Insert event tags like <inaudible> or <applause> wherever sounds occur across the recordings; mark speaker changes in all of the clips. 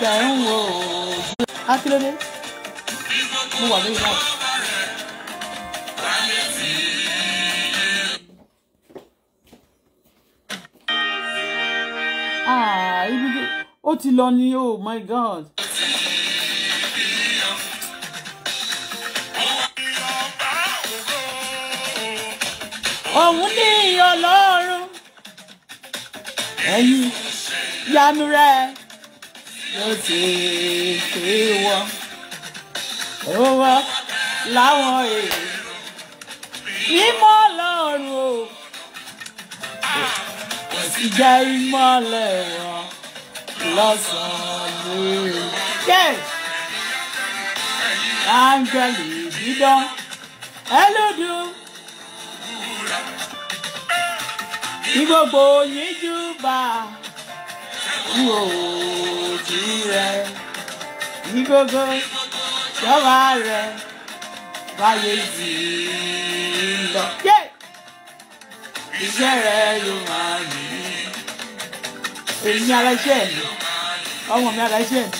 Speaker 1: dàrún o akílódé mo wà lórí náà. ó ti lọ ni oh my god. òun ní ọlọ́run ẹ̀yìn yanu rẹ̀ ló ti pé wọ́ ó wọ́ láwọn èrè ìmọ̀ ọlọ́run o kò sì jẹ́ ìmọ̀lẹ̀ wọn lọ́sàn-án lóore. dídán ẹ ní gbogbo yín bá wò ó ìdí rẹ̀ ìgbógó jọba rẹ̀ báyé jì lọ. Iṣẹ́ rẹ̀ ló máa rí. Èmi aláṣẹ mi, ọmọ mi aláṣẹ mi,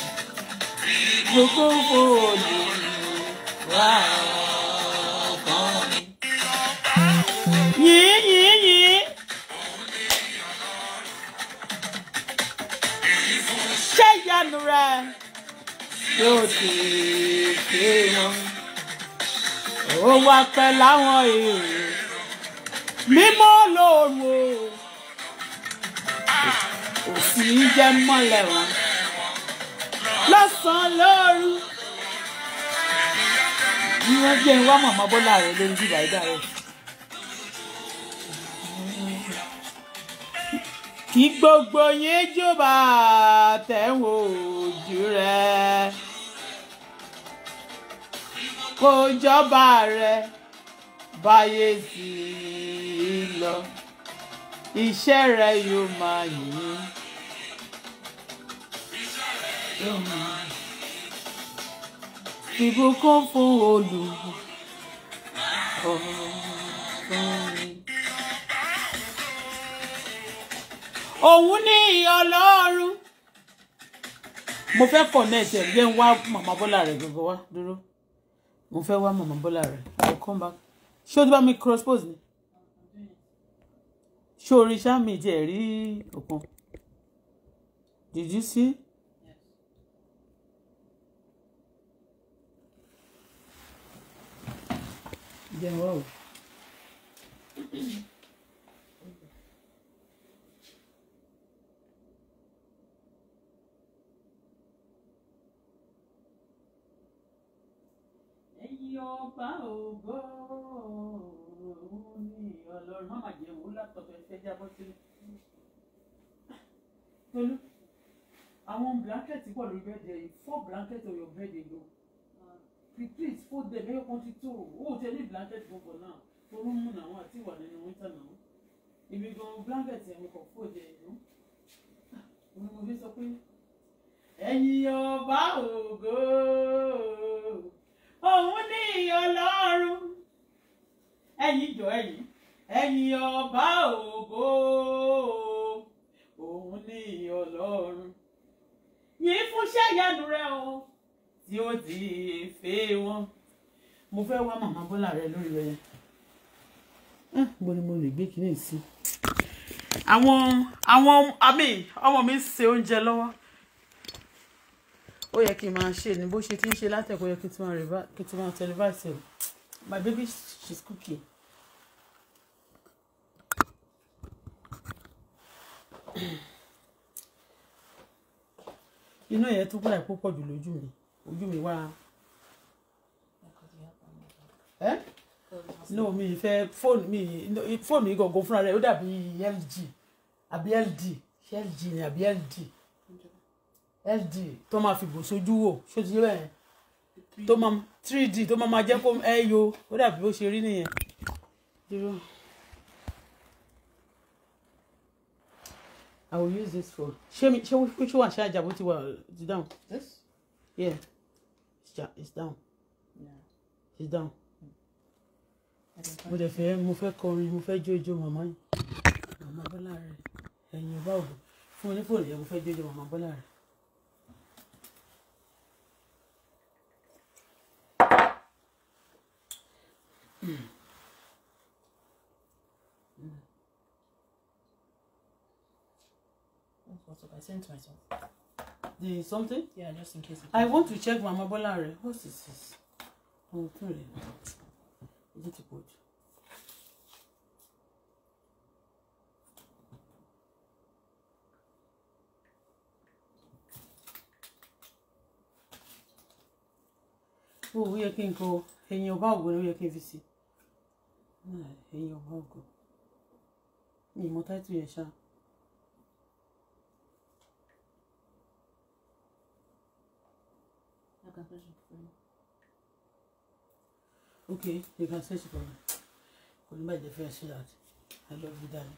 Speaker 1: gbogbo fòlù wà
Speaker 2: ọkàn mi.
Speaker 1: yanu rẹ̀
Speaker 3: yóò ti ṣe wọn.
Speaker 1: Ó wá pẹ́ láwọn èrò mímọ́ lòrò kò sí jẹ́ mọ́lẹ̀ wọn lọ́sàn-án lóru. Bí wọ́n jẹ́ ń wá màmá Bọ́lá rẹ̀ lórí bíbá ìdá rẹ̀. kí gbogbo yín jó bàtẹ́ wò ojú rẹ̀ kó jọba rẹ̀ báyé sí i lọ iṣẹ́ rẹ̀ yóò máa yìn
Speaker 2: yóò fún olùkọ́.
Speaker 1: òun ní ọlọ́run mo fẹ́ connect ẹ̀ jẹ́ ń wá màmá bọ́lá rẹ̀ gbogbo wá dúró mo fẹ́ wá màmá bọ́lá rẹ̀ i come back ṣé o ti bá mi cross pose ni ṣé o rí sáàmì jẹ́ rí òkan did you see. Yeah, wow. ọba ògo òun ni ọlọ́run má má jẹun ó látọ̀tọ̀ ẹ̀fẹ́ jábọ́ sílẹ̀. àwọn blanket wà lórí bẹ́ẹ̀dì ẹ̀yìn four blanket on your bed Please fold them ẹ̀yọ́ kan ti tó o ò tẹ́lẹ̀ blanket gbogbo náà torú mú náà àti ìwà nínú winter náà. Èmi gan blanket yẹn mo kàn fold ẹ̀ ẹ̀yọ́. Olùmọ̀bí sọ pé ẹ̀yin ọba ògo òun ní ọlọ́run ẹ̀yin jọ ẹ̀yin ẹ̀yin ọba ògo òun ní ọlọ́run yìí fún ṣẹ́yanu rẹ o tí ó di èfé wọn. mo fẹ́ wá màmá bọ́là rẹ lórí rẹ mo ni mo lè gbé kinní sí. àwọn àwọn àmì ọmọ mi ń ṣe oúnjẹ lọ́wọ́ ó yẹ kí n máa ṣe ni bó ṣe ti ń ṣe látẹ̀kọ́ yẹ kí n ti máa revise kí n ti máa televise ẹ̀ my baby she's cooking. iná yẹn tún láì púpọ̀ jù lójú mi ojú mi wá. ẹ́ no mi fẹ́ fóònù mi fóònù mi gangan fúnra rẹ̀ ó dàbí LG àbí LD LG ni àbí LD sd tó máa fi bò sójú wò ṣó ti rẹ̀ tó máa 3d tó máa máa jẹ́ kó ẹ yo ó dàbí ó ṣe rí nìyẹn. I will use this for. Ṣé mi ṣé which one ṣe àjàbó ti wà ti down? This? Yeah. It's down. Yeah. It's down. Mo dẹ̀ fẹ́ mo fẹ́ kọrin mo fẹ́ jójó màmá yìí. Màmá Bọ́lá rẹ̀ ẹ̀yin ọba ògùn fún onífòòlù yẹn mo fẹ́ jójó màmá Bọ́lá rẹ̀. WhatsApp. I sent to myself. The something? Yeah, just in case. I want to check Mama Bolare. What is this? Oh, sorry. Eh? Is it good? Oh, yẹ kí n kọ ẹ̀yìn ọba ògo ló yẹ kí n fi sí ah, ẹ̀yìn ọba ògo mi ìmọ̀ táìtù yẹn ṣáà. Okay, you can search for me. Remember the first shot. I love you, darling.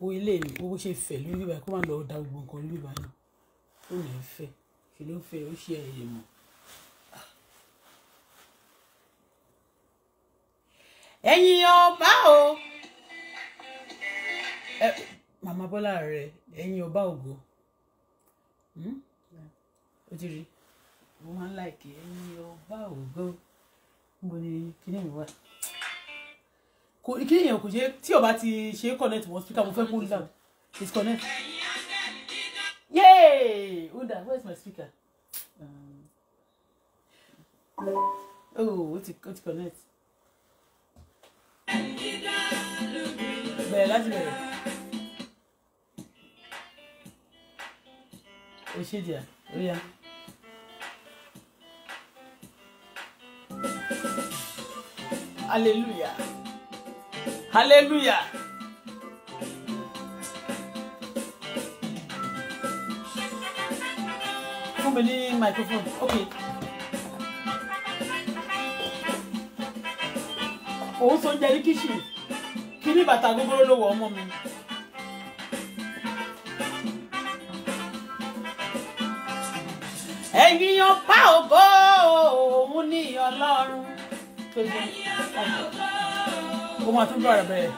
Speaker 1: Wo ilé mi bó ṣe fẹ̀ lórí báyìí kó má lọ da gbogbo nǹkan lórí báyìí. Ó lè fẹ́. Ṣé ló fẹ́ ó ṣe ẹ̀yẹ mọ̀? Ẹ̀yin ọba o. Màmá Bọ́lá rẹ̀ ẹ̀yin ọba ògo ó ti rí mo máa ń láìkè ẹni ọba ògbó níbo ni kíní mi wà kò kíní yẹn kò ṣe tí ọba ti ṣe connect mọ speaker mo fẹ́ kó down disconnect yay oda where is my speaker um, oh ó ti ó ti connect
Speaker 2: bẹ̀rẹ̀ láti bẹ̀rẹ̀
Speaker 1: ó ṣe díẹ̀ ó yá. Yeah. Hallelujah. Hallelujah. Fún mi ní microphone. Okay. Òun tó ń jẹ ní kíṣìn. Kí ní bàtà gbogbo ló wọ ọmọ mi? Ẹ̀yin ọ̀pá ògo
Speaker 2: òun tó di
Speaker 1: ó máa tún bẹ̀rẹ̀ bẹ́ẹ̀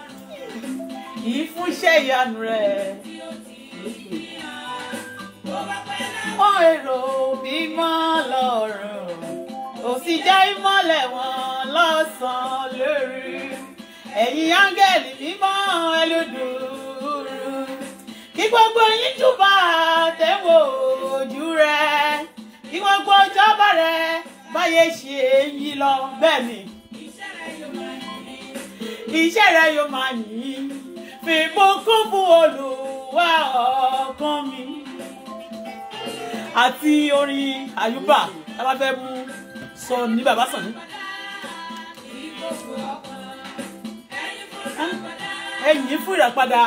Speaker 1: kì í fún iṣẹ́ ìyanu rẹ̀ ó èrò bí mọ́ lọ́rùn ó sì jẹ́ ìmọ́lẹ̀ wọn lọ́sàn-án lórí ẹ̀yin áńgẹ́lì mímọ́
Speaker 2: ẹlòdùrù
Speaker 1: kí gbogbo yín júbà tẹ́wọ̀ ojú rẹ̀ kí gbogbo ọjọ́ bá rẹ̀ báyé ṣe yí lọ bẹ́ẹ̀ ni iṣẹ́ rẹ yóò máa yìn fìbùkún fún olùwà ọkàn mi àti orin àyùbá tá a bá fẹ́ mú sọ ní bàbá sàn ní. ẹ̀yìn fún ìràpadà.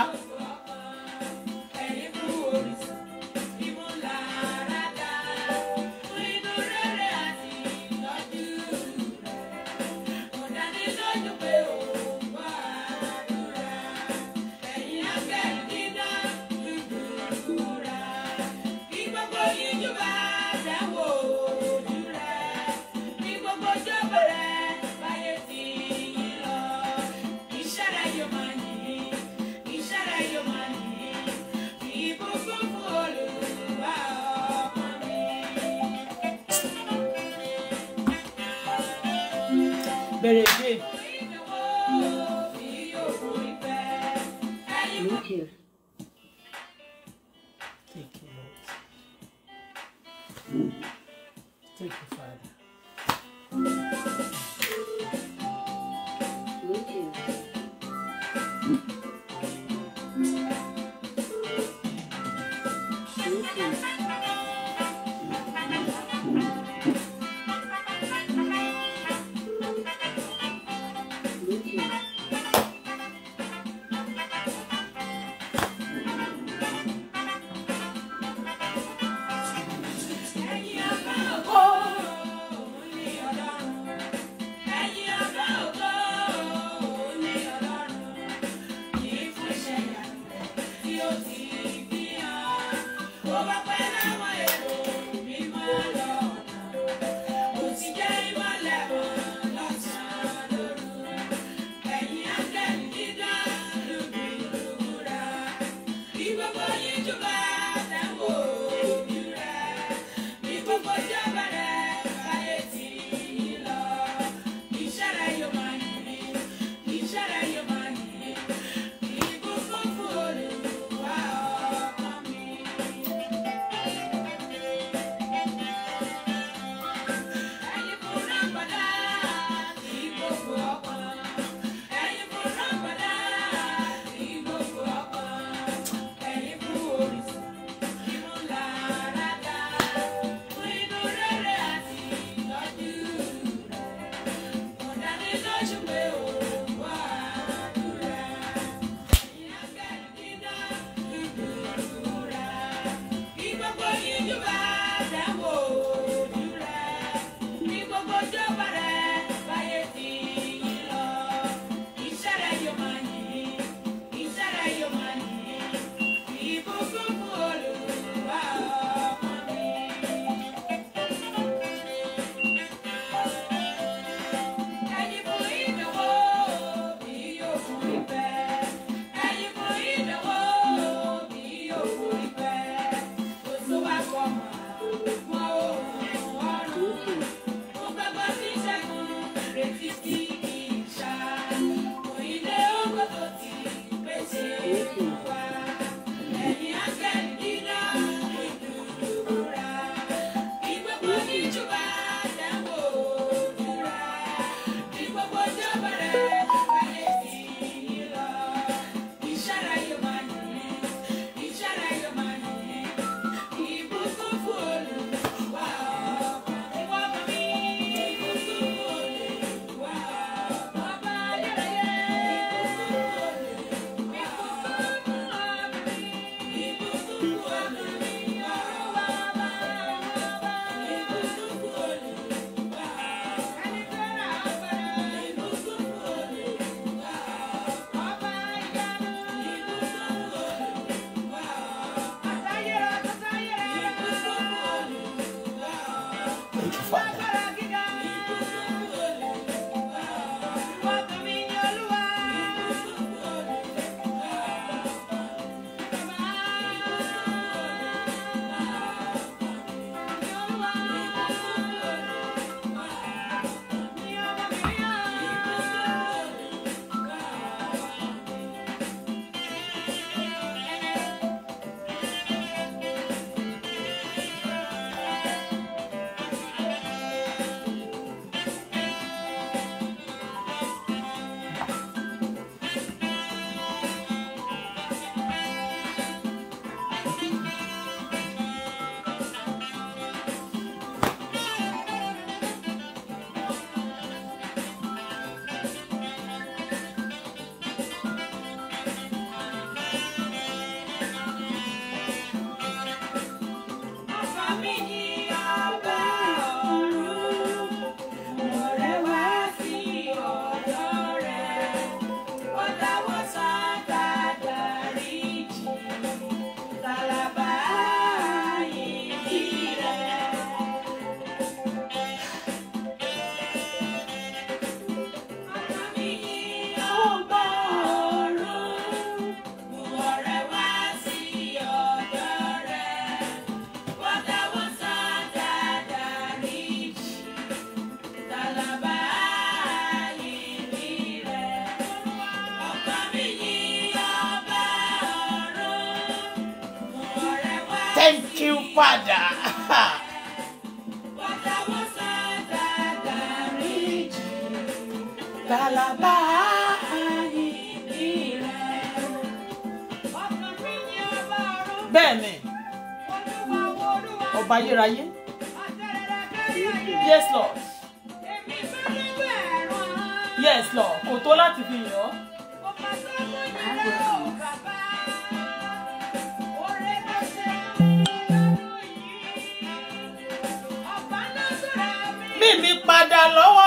Speaker 1: mi padà lọ́wọ́.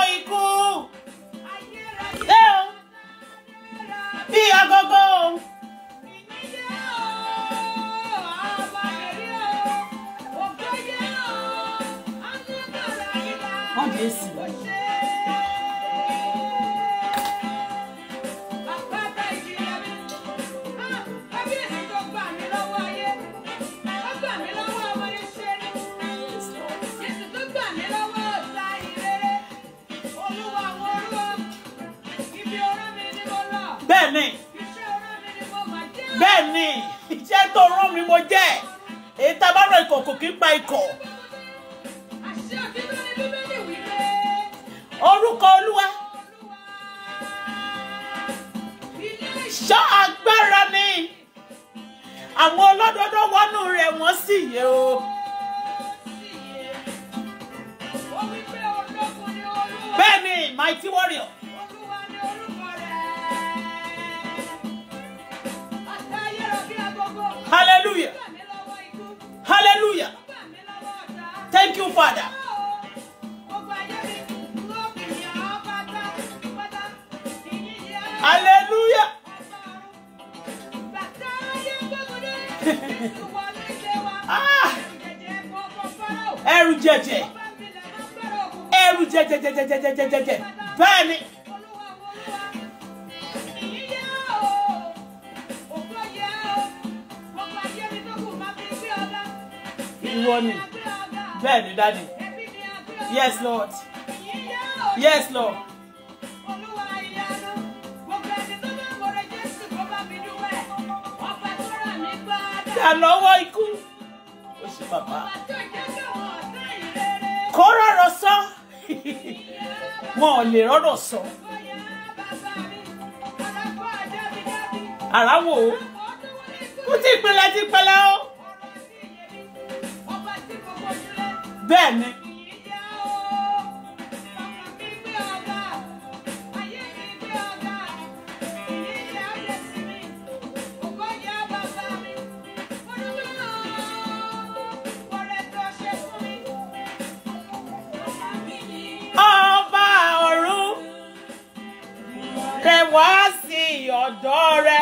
Speaker 1: ọ̀dọ̀ rẹ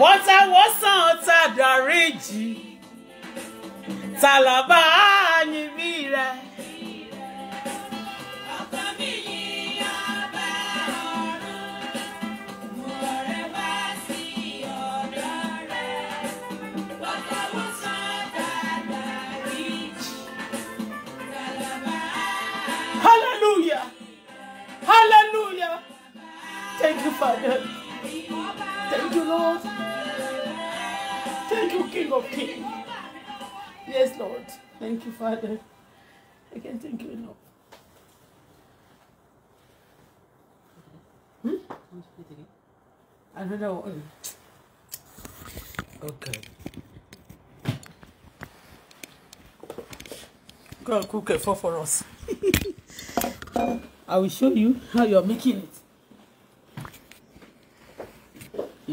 Speaker 1: wọ́tawọ́sàn tàdáríjì tàlàbà Father. Thank you, Lord. Thank you, King of Kings. Yes, Lord. Thank you, Father. I can't thank you enough. Hmm? I don't know. Okay. Go cook it for, for us. I will show you how you're making it.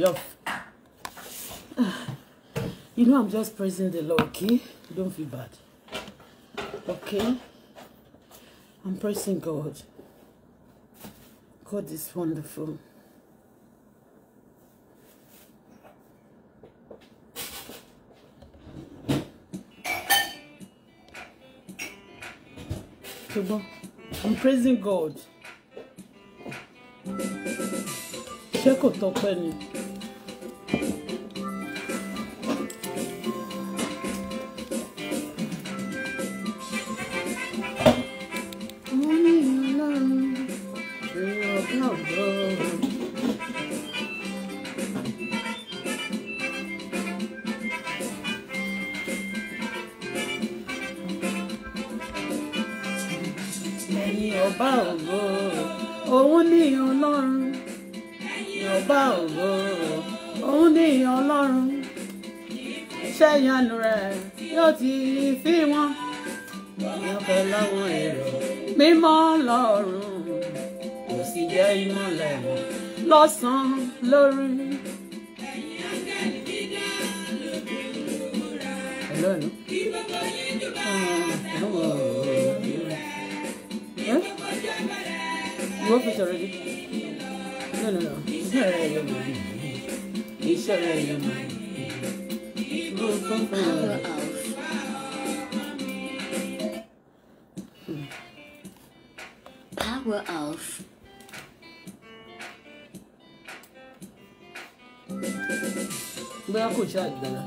Speaker 1: Love. You know, I'm just praising the Lord, okay? Don't feel bad. Okay? I'm praising God. God is wonderful. I'm praising God. Ṣé kò tọ́pẹ́ ni?
Speaker 2: iṣẹ́ ìyanu rẹ̀
Speaker 1: yóò ti fi wọ́n.
Speaker 2: Ìyọ̀kọ̀ láwọn èrò
Speaker 1: mímọ́ lọ́rùn kò sì jẹ́ ìmọ̀lẹ̀ wọn lọ́sàn-án lórí.
Speaker 2: Hello. You open it already? No, no, no. Power auf.
Speaker 1: Power auf. bóyá kò ṣe àgbàlá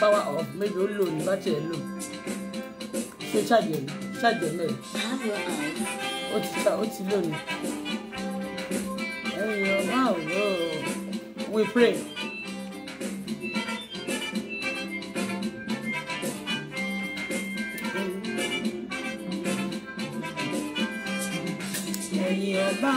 Speaker 1: power off méjì ó lò ní bátìrì ẹ lò ṣé ṣàjẹ ṣàjẹ mẹ́rin ó ti ta ó ti lò ní. wow wow we pray.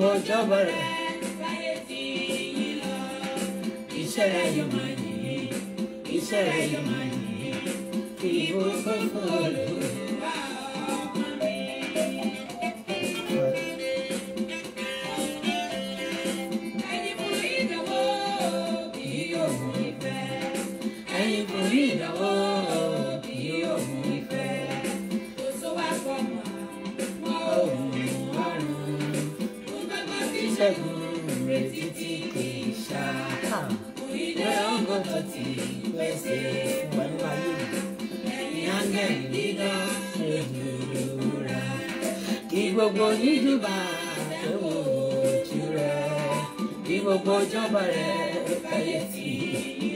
Speaker 2: wo jabare isere yamani isere yamani ki wo olúbà tẹ̀wò jù rẹ̀ bí gbogbo ọjọ́ rẹ̀ káyé tì í.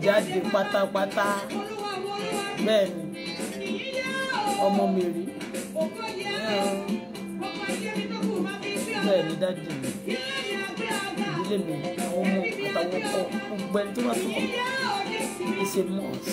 Speaker 1: jáde pátápátá bẹ́ẹ̀ ni ọmọ mi rí bẹ́ẹ̀ ni dáàdi mi ìdílé mi àwọn ọmọ àtàwọn ọkọ gbogbo ẹni tó bá tó kọ ìṣe mọ́ọ̀sì.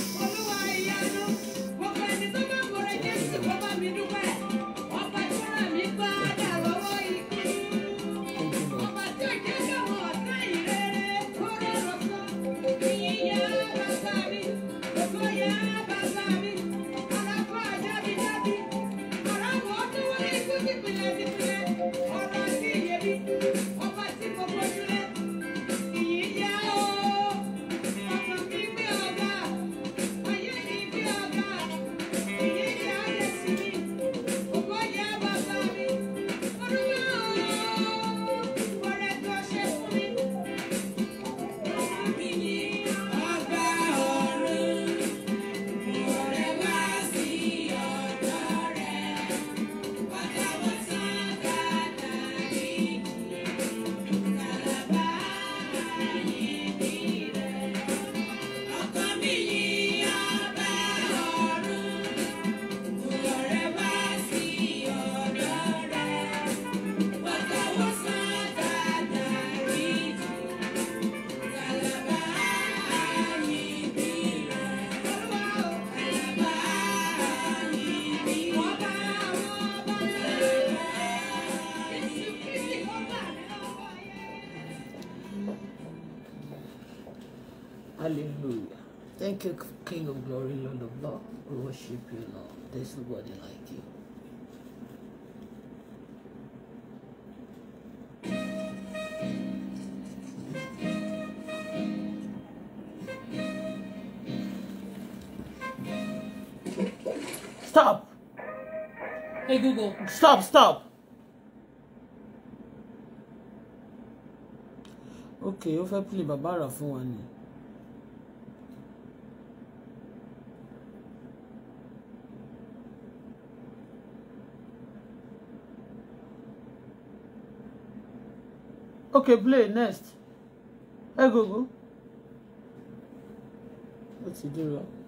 Speaker 1: worship you, Lord. There's nobody like you. Stop. Hey, Google. Stop, stop. Okay, ó fẹ́ to play Baba fún wa okay play next Hey, Google. ó ti doing?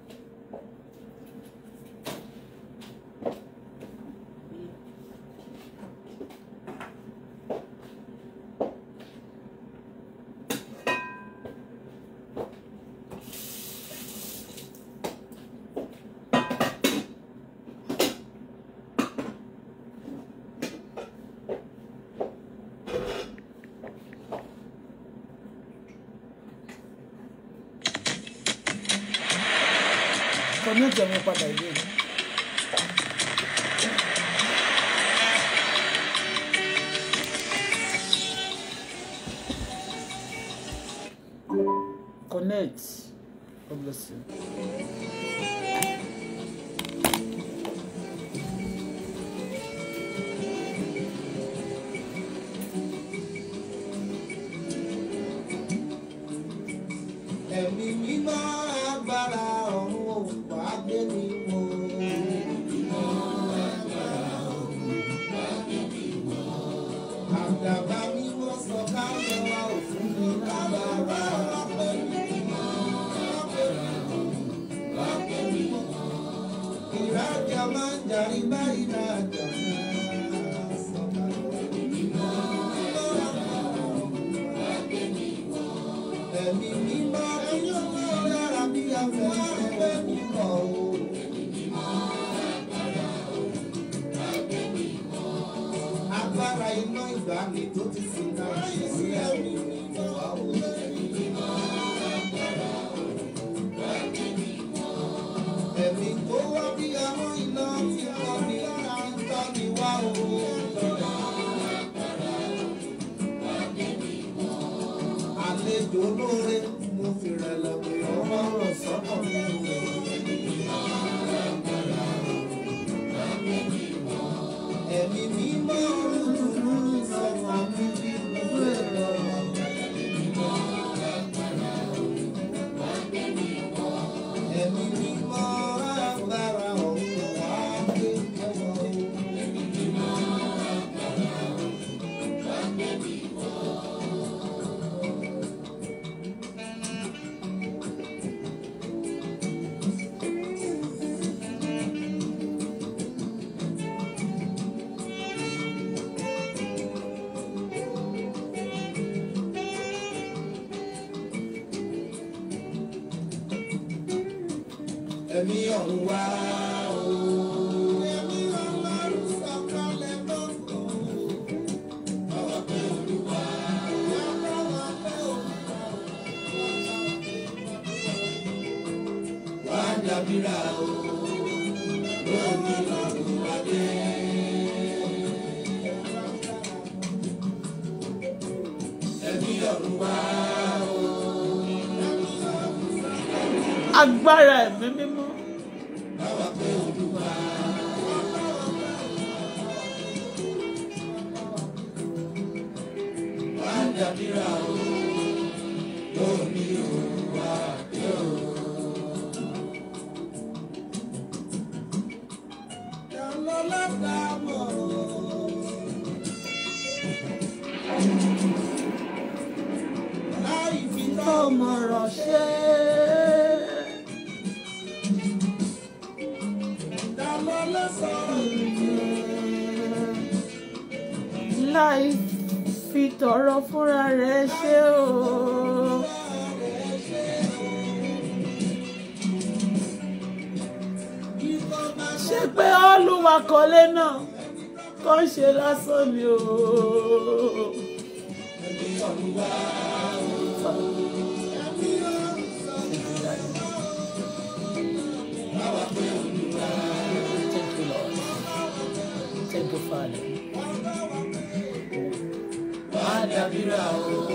Speaker 3: gbàdúrà o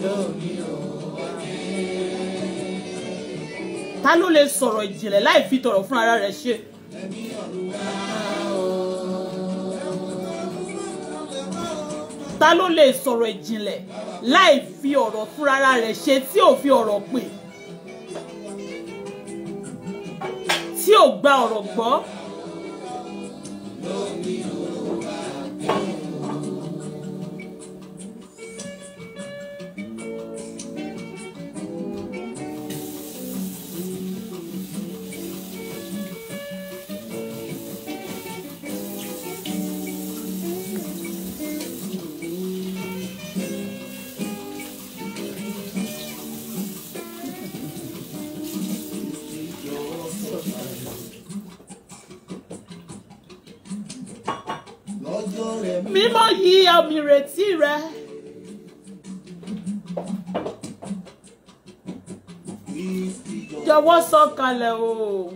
Speaker 3: lónìí o ọdẹ.
Speaker 1: ta ló lè sọ̀rọ̀ ìjìnlẹ̀ láì fi tọ̀rọ̀ fún ara rẹ̀ ṣe. ẹ̀mí Olúwa o. ta ló lè sọ̀rọ̀ ìjìnlẹ̀ láì fi ọ̀rọ̀ fún ara rẹ̀ ṣe tí ò fi ọ̀rọ̀ pè tí ò gba ọ̀rọ̀ gbọ́. fọwọ́ sọ̀kalẹ̀ o.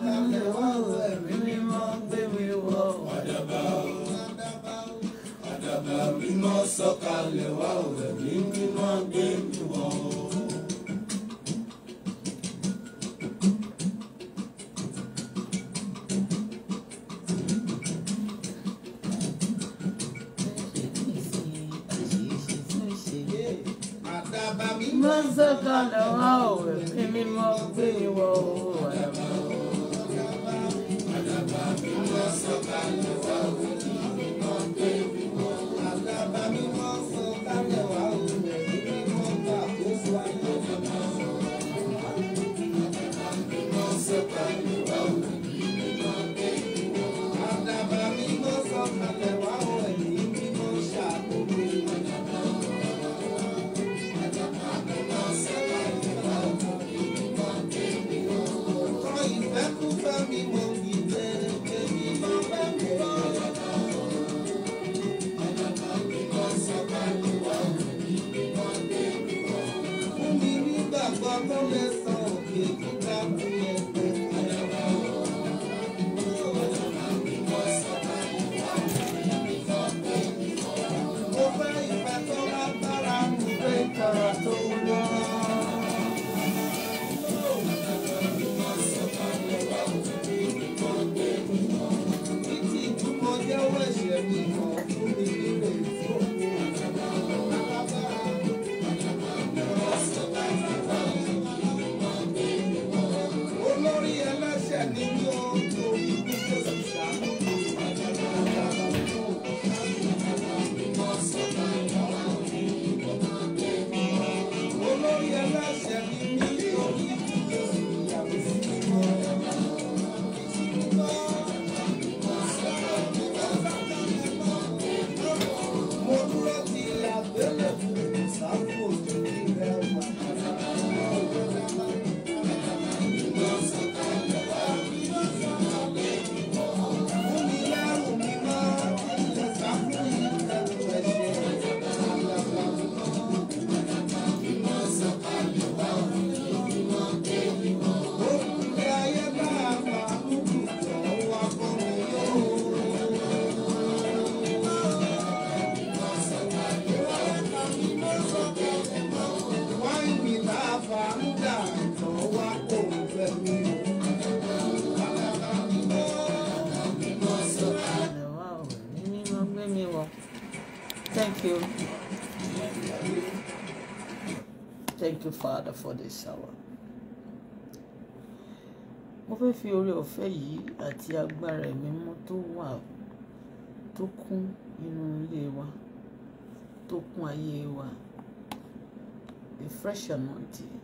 Speaker 3: Hallelujah.
Speaker 1: Father, for this hour. Mo fẹ́ fi oore ọ̀fẹ́ yìí àti agbára ẹ̀mí mọ́ tó wà tó kún inú ilé wa tó kún ayé wa the fresh anointing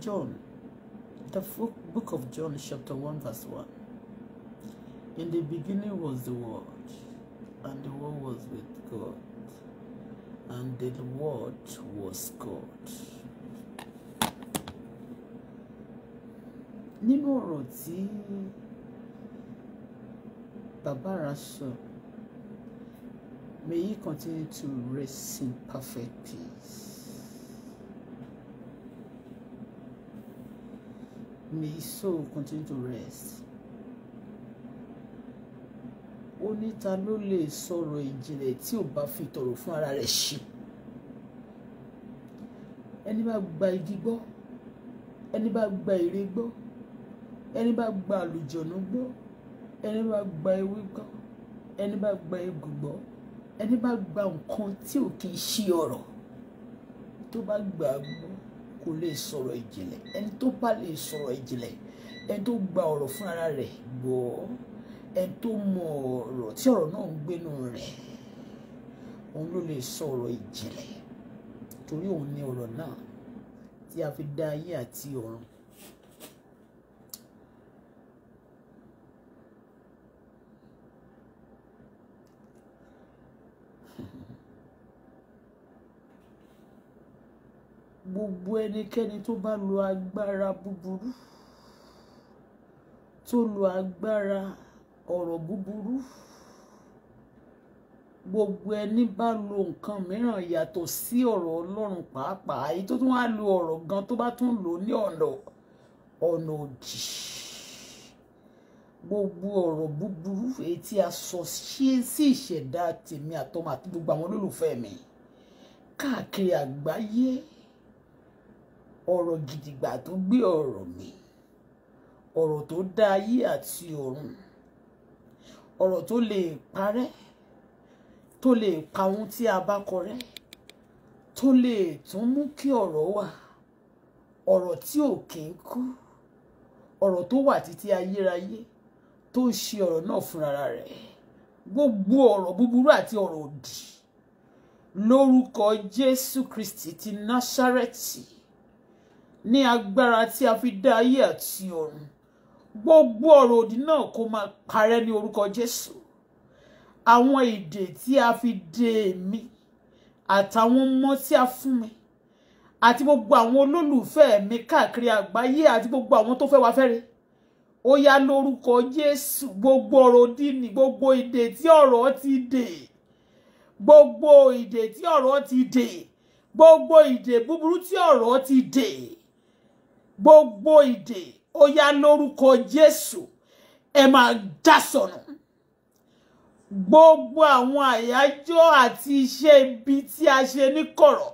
Speaker 1: John, the book of John, chapter 1, verse 1. In the beginning was the Word, and the Word was with God, and the Word was God. Nínú ọ̀rọ̀ tí bàbá ara sọ, may he continue to rest in perfect peace. may his soul continue to rest. ó ní ta ló lè sọ̀rọ̀ ìjìnlẹ̀ tí ò bá fi tọ̀rọ̀ fún ara rẹ̀ ṣe ẹni bá gba igi gbọ́ ẹni bá gba ère gbọ́ ẹni bá gba àlùjọ̀nù gbọ́ ẹni bá gba ewé gbọ́ ẹni bá gba egbò gbọ́ ẹni bá gba nǹkan tí ò kì í ṣe ọ̀rọ̀ tó bá gbà á gbọ́ kò lè sọ̀rọ̀ ìjìnlẹ̀ ẹni tó bá lè sọ̀rọ̀ ìjìnlẹ̀ ẹni tó gba ọ̀rọ̀ fúnra rẹ̀ gbọ́ ẹni tó mọ ọ̀rọ̀ tí ọ̀rọ̀ náà ń gbénu rẹ̀ òun ló lè sọ̀rọ̀ ìjìnlẹ̀ torí òun ni ọ̀rọ̀ náà tí a fi dá ayé àti ọ̀run gbogbo ẹnikẹ́ni tó bá lo agbára búburú tó lo agbára ọ̀rọ̀ búburú gbogbo ẹni bá lo nǹkan mìíràn yàtọ̀ sí ọ̀rọ̀ Ọlọ́run pàápàá èyí tó tún wá lo ọ̀rọ̀ gan tó bá tún lò ní ọ̀nà ọ̀nà òdì gbogbo ọ̀rọ̀ búburú èyí tí a sọ sí ìṣẹ̀dá tèmi àtọmọ àti gbogbo àwọn olólùfẹ́ mi káàkiri àgbáyé ọ̀rọ̀ gidigba tó gbé ọ̀rọ̀ mi ọ̀rọ̀ tó dá ayé àti ọ̀run ọ̀rọ̀ tó lè parẹ́ tó lè pa ohun tí a bá kọ rẹ́ tó lè tún mú kí ọ̀rọ̀ wà ọ̀rọ̀ tí ò kì í kú ọ̀rọ̀ tó wà títí ayérayé tó ń ṣe ọ̀rọ̀ náà fúnra rẹ̀ gbogbo ọ̀rọ̀ búburú àti ọ̀rọ̀ òdì lórúkọ Jésù Kristi ti Násárẹ́tì ní agbára tí a fi dá ayé àti ọ̀run gbogbo ọ̀rọ̀ òdì náà kó máa parẹ́ ní orúkọ Jésù àwọn ìdè tí a fi dè mí àtàwọn ọmọ tí a fún mi àti gbogbo àwọn olólùfẹ́ mi káàkiri àgbáyé àti gbogbo àwọn tó fẹ́ wa fẹ́re ó yá lórúkọ Jésù gbogbo ọ̀rọ̀ òdì ni gbogbo ìdè tí ọ̀rọ̀ ti dè gbogbo ìdè tí ọ̀rọ̀ ti dè gbogbo ìdè búburú tí ọ̀rọ̀ ti dè gbogbo ìdè ó yá lórúkọ Jésù ẹ máa já sọnù gbogbo àwọn àyájọ́ àti iṣẹ́ ibi tí a ṣe ní kọ̀rọ̀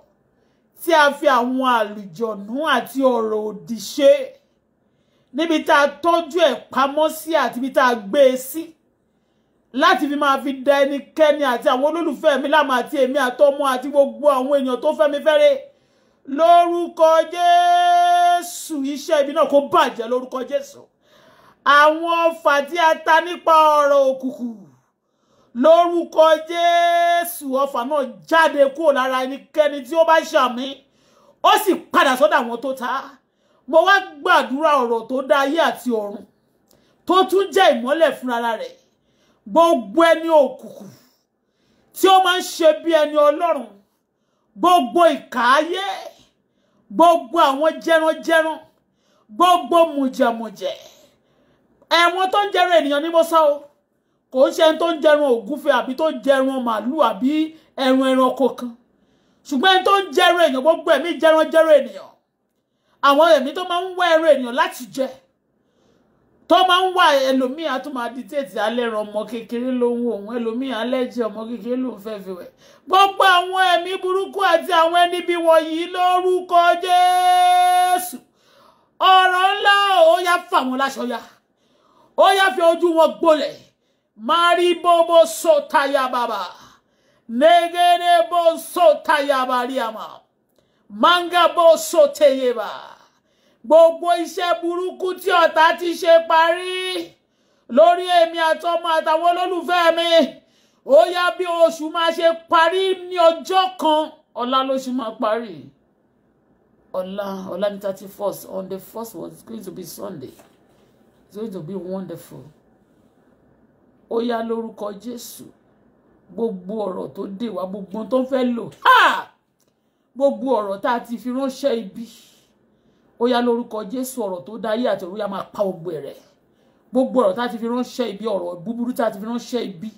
Speaker 1: tí a fi àwọn àlùjọ̀nú àti ọ̀rọ̀ òdì ṣe níbi tá a tọ́jú ẹ̀ pamọ́ sí àti ibi tá a gbé e sí láti fi máa fi da ẹnikẹ́ni àti àwọn olólùfẹ́ mi láàmú àti èmi àtọmọ àti gbogbo àwọn èèyàn tó fẹ́ mi fẹ́rẹ̀ẹ́ lórúkọ jésù iṣẹ́ ibi náà kó bàjẹ́ lórúkọ jésù àwọn ọfà tí a ta nípa ọ̀rọ̀ òkùnkùn lórúkọ jésù ọfà náà jáde kúrò lára ẹnikẹ́ni tí ó bá ṣàmì ó sì padà sọ́dọ̀ àwọn tó ta mo wá gbàdúrà ọ̀rọ̀ tó dá ayé àti ọ̀run tó tún jẹ́ ìmọ́lẹ̀ fúnra rẹ̀ gbogbo ẹni òkùnkùn tí ó máa ń ṣe bí ẹni ọlọ́run gbogbo ìkà ayé gbogbo àwọn jẹranjẹran gbogbo mùjẹmùjẹ ẹ̀wọ̀n tó ń jẹran ènìyàn ní mo sọ o kò ń ṣe ẹni tó ń jẹran ògúnfe àbí tó ń jẹran màálù àbí ẹran ẹranko kan ṣùgbọ́n ẹni tó ń jẹran ènìyàn gbogbo ẹ̀mí jẹranjẹran ènìyàn àwọn ẹ̀mí tó máa ń wá ẹran ènìyàn láti jẹ tó máa ń wà ẹlòmíì á tún máa di tètè alẹ́ ran ọmọ kékeré lóhùn òun ẹlòmíì alẹ́jẹ́ ọmọ kékeré lòún fẹ́ fi wẹ̀ gbogbo àwọn ẹ̀mí burúkú àti àwọn ẹni bí wọ̀nyí lórúkọ Jésù ọ̀rọ̀ ńlá ó yá fà wọ́n láṣọ ya ó yá fi ojú wọn gbolẹ̀ máa rí bóbó so táyà bàbà négédé bó so táyà bàríàmà mángà bó so téyè bàá gbogbo iṣẹ́ burúkú tí ọ̀tá ti ṣe parí lórí èmi àtọmọ àtàwọn olólùfẹ́ mi ó yá bí oṣù máa ṣe parí ní ọjọ́ kan ọ̀la lóṣù máa parí ọ̀la ọ̀la ní thirty first on the first was going to be Sunday it's going to be wonderful ó yá lórúkọ Jésù gbogbo ọ̀rọ̀ tó dè wá gbogbo tó ń fẹ́ lò gbogbo ọ̀rọ̀ tá a ti fi ránṣẹ́ ibi ó yá lórúkọ jésù ọ̀rọ̀ tó dá ayé àti ọ̀rọ̀ yá máa pa gbogbo ẹ̀rẹ̀ gbogbo ọ̀rọ̀ tá a ti fi ránṣẹ́ ibi ọ̀rọ̀ búburú tá a ti fi ránṣẹ́ ibi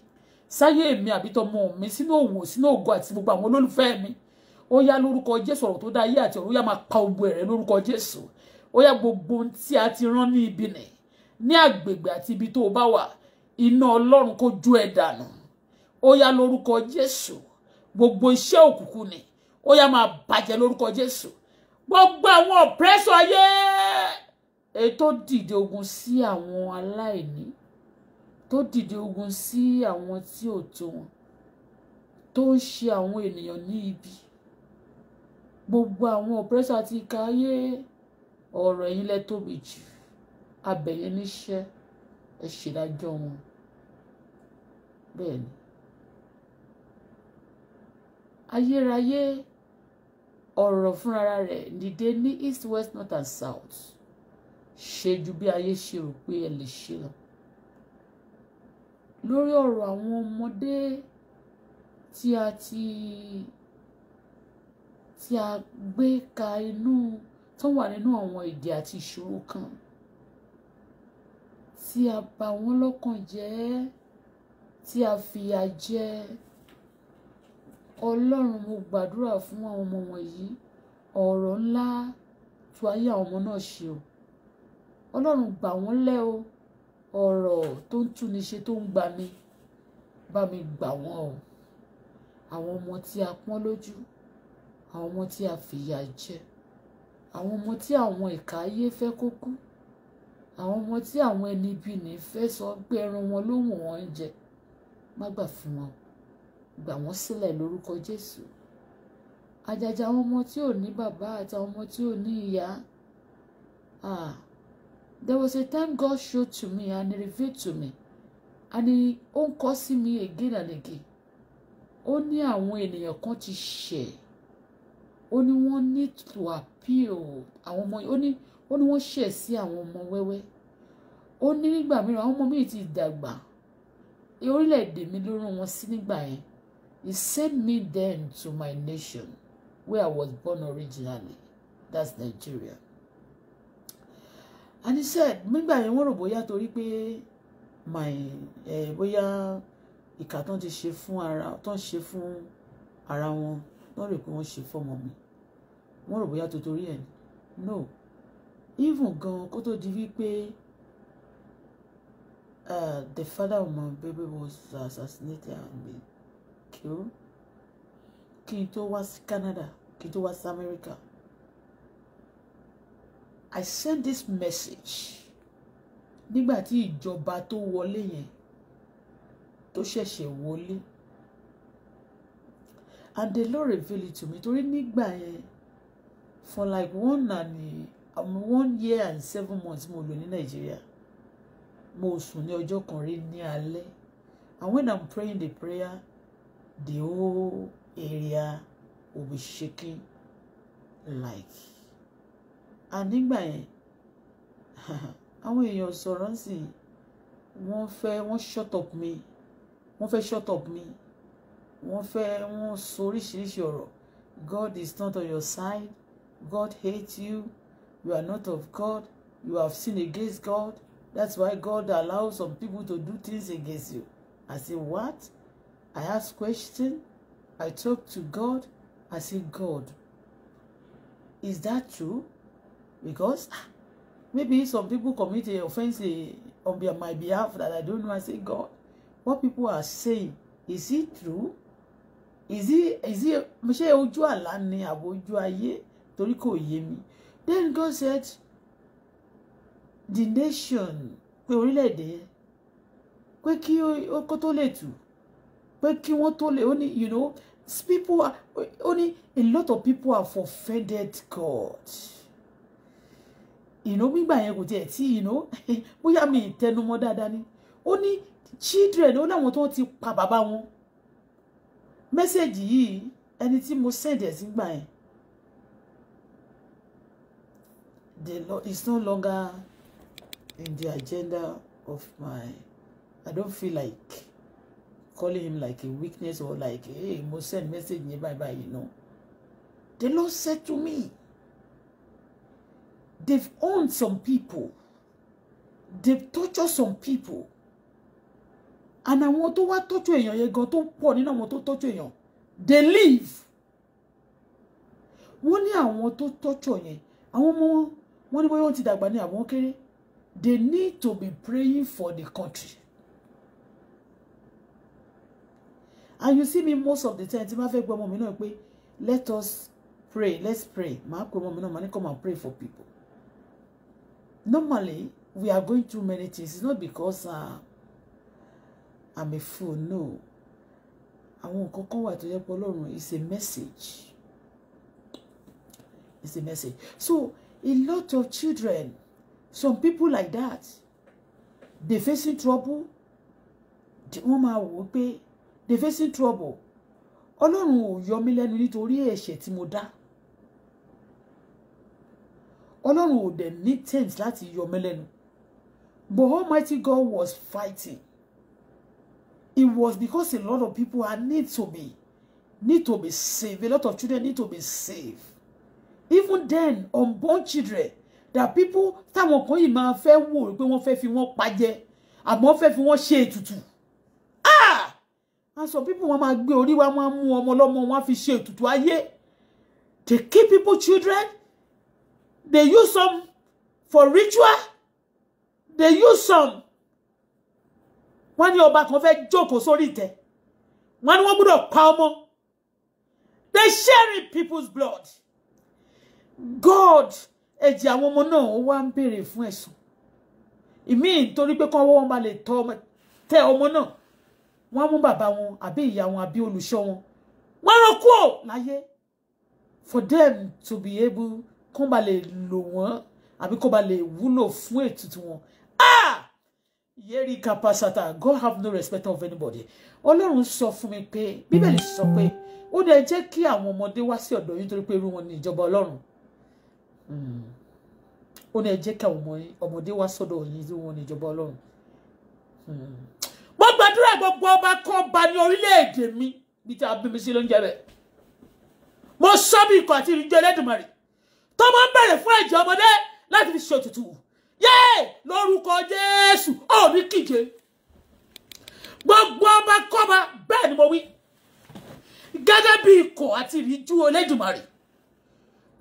Speaker 1: sáyé mi àbí tọmọ mi sínú òwò sínú ògo àti gbogbo àwọn olólùfẹ́ mi ó yá lórúkọ jésù ọ̀rọ̀ tó dá ayé àti ọ̀rọ̀ yá máa pa gbogbo ẹ̀rẹ̀ lórúkọ jésù ó yá gbogbo tí a ti rán ní ibi nì ní àgbègbè àti ibi tó bá wà iná ọlọ́run kó jó ẹ dànù ó yá lórúkọ jésù gbogbo iṣẹ́ òkùnkùn ni ó yá máa bàjẹ́ lórúkọ jésù gbogbo àwọn ọ̀pẹ́sọ̀ ayé èyí tó dìde ogun sí àwọn aláìní tó dìde ogun sí àwọn tí ò tó wọn tó ń ṣe àwọn ènìyàn ní ibi gbogbo àwọn ọ̀pẹ́sọ̀ àti ìka ayé ọ̀rọ̀ ẹ̀yin lẹ tóbi jù abẹ̀yẹ níṣẹ́ ẹ ṣèdájọ́ wọn bẹ́ẹ̀ ni ayérayé. Ayé ọ̀rọ̀ fúnra rẹ̀ dìde ní east west north and south ṣe ju bí ayé ṣe rò pé ẹ lè ṣe lọ lórí ọ̀rọ̀ àwọn ọmọdé tí a ti tí a gbé ka inú tó wà nínú àwọn èdè àti ìṣòro kan tí a bà wọ́n lọ́kàn jẹ́ tí a fìyà jẹ ọlọ́run mo gbàdúrà fún àwọn ọmọ wọ̀nyí ọ̀rọ̀ ńlá tú ayé àwọn ọmọ náà ṣe o ọlọ́run gbà wọ́n lẹ́ o ọ̀rọ̀ tó ń túni ṣe tó ń gbani bá mi gbà wọ́n o àwọn ọmọ tí a pọ́n lójú àwọn ọmọ tí a fìyà jẹ àwọn ọmọ tí àwọn ìka ayé fẹ́ kó kú àwọn ọmọ tí àwọn ẹni ibi nì sọ pé wọn ló wù wọ́n jẹ má gbà fún wọn o gbà wọ́n sílẹ̀ lórúkọ Jésù àjàjà àwọn ọmọ tí ò ní bàbá àtàwọn ọmọ tí ò ní ìyá ah there was a time God showed to me and revealed to me and he ó ń kọ́ sí mi again and again ó ní àwọn ènìyàn kan ti ṣẹ̀ ó ní wọ́n need to appeal àwọn ọmọ ó ní ó ní wọ́n ṣẹ̀ sí àwọn ọmọ wẹ́wẹ́ ó ní nígbà mìíràn àwọn ọmọ mi ti dàgbà orílẹ̀-èdè mi ló rán wọn sí nígbà yẹn He sent me then to my nation, where I was born originally. That's Nigeria. And he said, nígbà yẹn wọ́n rò bóyá torí pé my eh, bóyá ìkà tán ti ṣe fún ara tán ṣe fún ara wọn wọ́n rò pé wọ́n ṣe fọ́mọ mi wọ́n rò bóyá torí ẹ̀ no even gan kó tó di wípé uh, the father of my baby was assassinated and me you kí n tó wá sí Canada kí n tó wá sí America I send this message nígbà tí ìjọba tó wọlé yẹn tó ṣẹ̀ṣẹ̀ wọlé and the Lord reveal it to me torí nígbà yẹn for like one and um, one year and seven months mo lò ní Nigeria. mo sùn ní ọjọ́ kan rí ní alẹ́ and when I'm praying the prayer the whole area will be shaking like and nígbà yẹn <laughs> àwọn èèyàn sọ̀rọ̀ sí wọ́n fẹ́ wọ́n shut up mi wọ́n fẹ́ shut up mi wọ́n fẹ́ wọ́n sọ oríṣiríṣi ọ̀rọ̀ God is not on your side God hates you you are not of God you have sinned against God that's why God allows some people to do things against you I say what I asked question. I talked to God. I said, God, is that true? Because ah, maybe some people commit an offense eh, on my behalf that I don't know. I say, God, what people are saying, is it true? Is it, is it, ṣé ojú àlá ni àbí ojú ayé torí Then God said, the nation, pé orílẹ̀-èdè, pé kí ó kó tó lè pé kí wọ́n tó lè ó ní you know people are ó ní a lot of people have offended God you know gbígbà yẹn kò tiẹ̀ tí you know <laughs> bóyá mi tẹnumọ́ dáadáa ni ó ní children ó láwọn tó ti pa bàbá wọn mẹ́sẹ̀gì yìí ẹni tí mo send ẹ̀ sí gbà yẹn the law is no longer in the agenda of my I don't feel like calling him like a weakness or like hey must send message nearby, bye you know the Lord said to me they've owned some people they've tortured some people and I want to what torture èèyàn You gan to pọ̀ nínú àwọn tó torture èèyàn they leave wọ́n ní àwọn tó tọ́jú yẹn àwọn ọmọ wọn wọ́n ní bóyá wọ́n ti dàgbà I want kéré they need to be praying for the country and you see me most of the time tí máa fẹ́ gbọ́ ọmọ mi náà pé let us pray let's pray màá pe ọmọ mi náà màá ní come and pray for people normally we are going through many things it's not because uh, i'm a fool no àwọn nǹkan kan wà tó yẹ pé ọlọ́run is a message is a message so a lot of children some people like that they facing trouble wọ́n máa wò ó pé they facing trouble ọlọ́run ò yọ mí lẹ́nu nítorí ẹ̀ṣẹ̀ tí mo dá ọlọ́run ò dẹ̀ ní terms láti yọ mí lẹ́nu but Almighty God was fighting it was because a lot of people had need to be need to be saved a lot of children need to be saved even then unborn children that people táwọn kan yìí máa fẹ́ wò pé wọ́n fẹ́ fi wọ́n pajẹ àmọ́ fẹ́ fi wọ́n ṣe ètùtù and some people wọn máa gbé orí wa wọn á mú ọmọ ọlọ́mọ wọn á fi ṣe ètùtù ayé they kill people children they use some for ritual they use some wọ́n ní ọba kan fẹ́ jókòó sórí ìtẹ́ wọ́n ní wọ́n gbọ́dọ̀ pa ọmọ they sharing people's blood god ẹ̀jẹ̀ àwọn ọmọ náà ó wá ń béèrè fún ẹ̀sùn ìmíì nítorí pé kán wọ́n máa lè tẹ ọmọ náà wọ́n á mú bàbá wọn àbí ìyá wọn àbí olùṣọ́ wọn wọ́n á rán kúrò láyé for them to be able kó ba lè lò wọ́n àbí kó ba lè wúlò fún ètùtù wọn. Ah! yẹ́rì kapasata God have no respect of anybody ọlọ́run sọ fún mi pé bíbélì sọ pé ó dẹ̀ jẹ́ kí àwọn ọmọdé wá sí ọ̀dọ̀ yín torí pé irú wọn ni ìjọba ọlọ́run hmm. ó ní ẹ jẹ́ kí àwọn ọmọdé wá sọ́dọ̀ yín tí wọ́n ní ìjọba ọlọ́run hmm gbàdúrà gbogbo ọba kan ọba ní orílẹ̀-èdè mi bí tí a bí mi sí ló ń jẹ bẹ́ẹ̀ mo sọ bí ikọ̀ àti ìrìnjẹ Ẹlẹ́dùmarè tó máa ń bẹ̀rẹ̀ fún ẹ̀jẹ̀ ọmọdé láti fi ṣe òtútù yéè lórúkọ Jésù ò ní kíje gbogbo ọba kọba bẹ́ẹ̀ ni mo wí gẹ́gẹ́ bí ikọ̀ àti ìrìnjú Ẹlẹ́dùmarè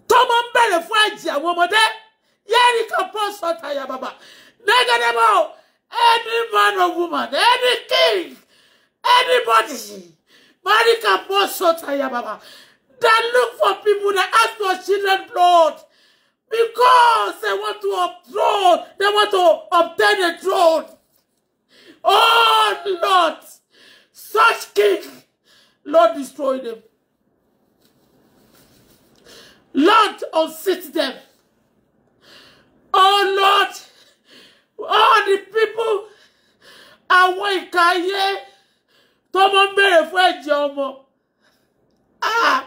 Speaker 1: tó máa ń bẹ̀rẹ̀ fún ẹ̀jẹ̀ àwọn ọmọdé yẹ́rì kan pọ̀ sọ tayà bàbà nẹ́gẹ́dẹ́bọ̀ any man or woman, any king, anybody, Marika Bosotaya Baba, They look for people that ask for children blood because they want to obthrone, they want to obtain a throne. Oh Lord, such king, Lord destroy them. Lord unseat them. Oh Lord, all the people àwọn ìka ayé tọmọ ń béèrè fún ẹ̀jẹ̀ ọmọ ah!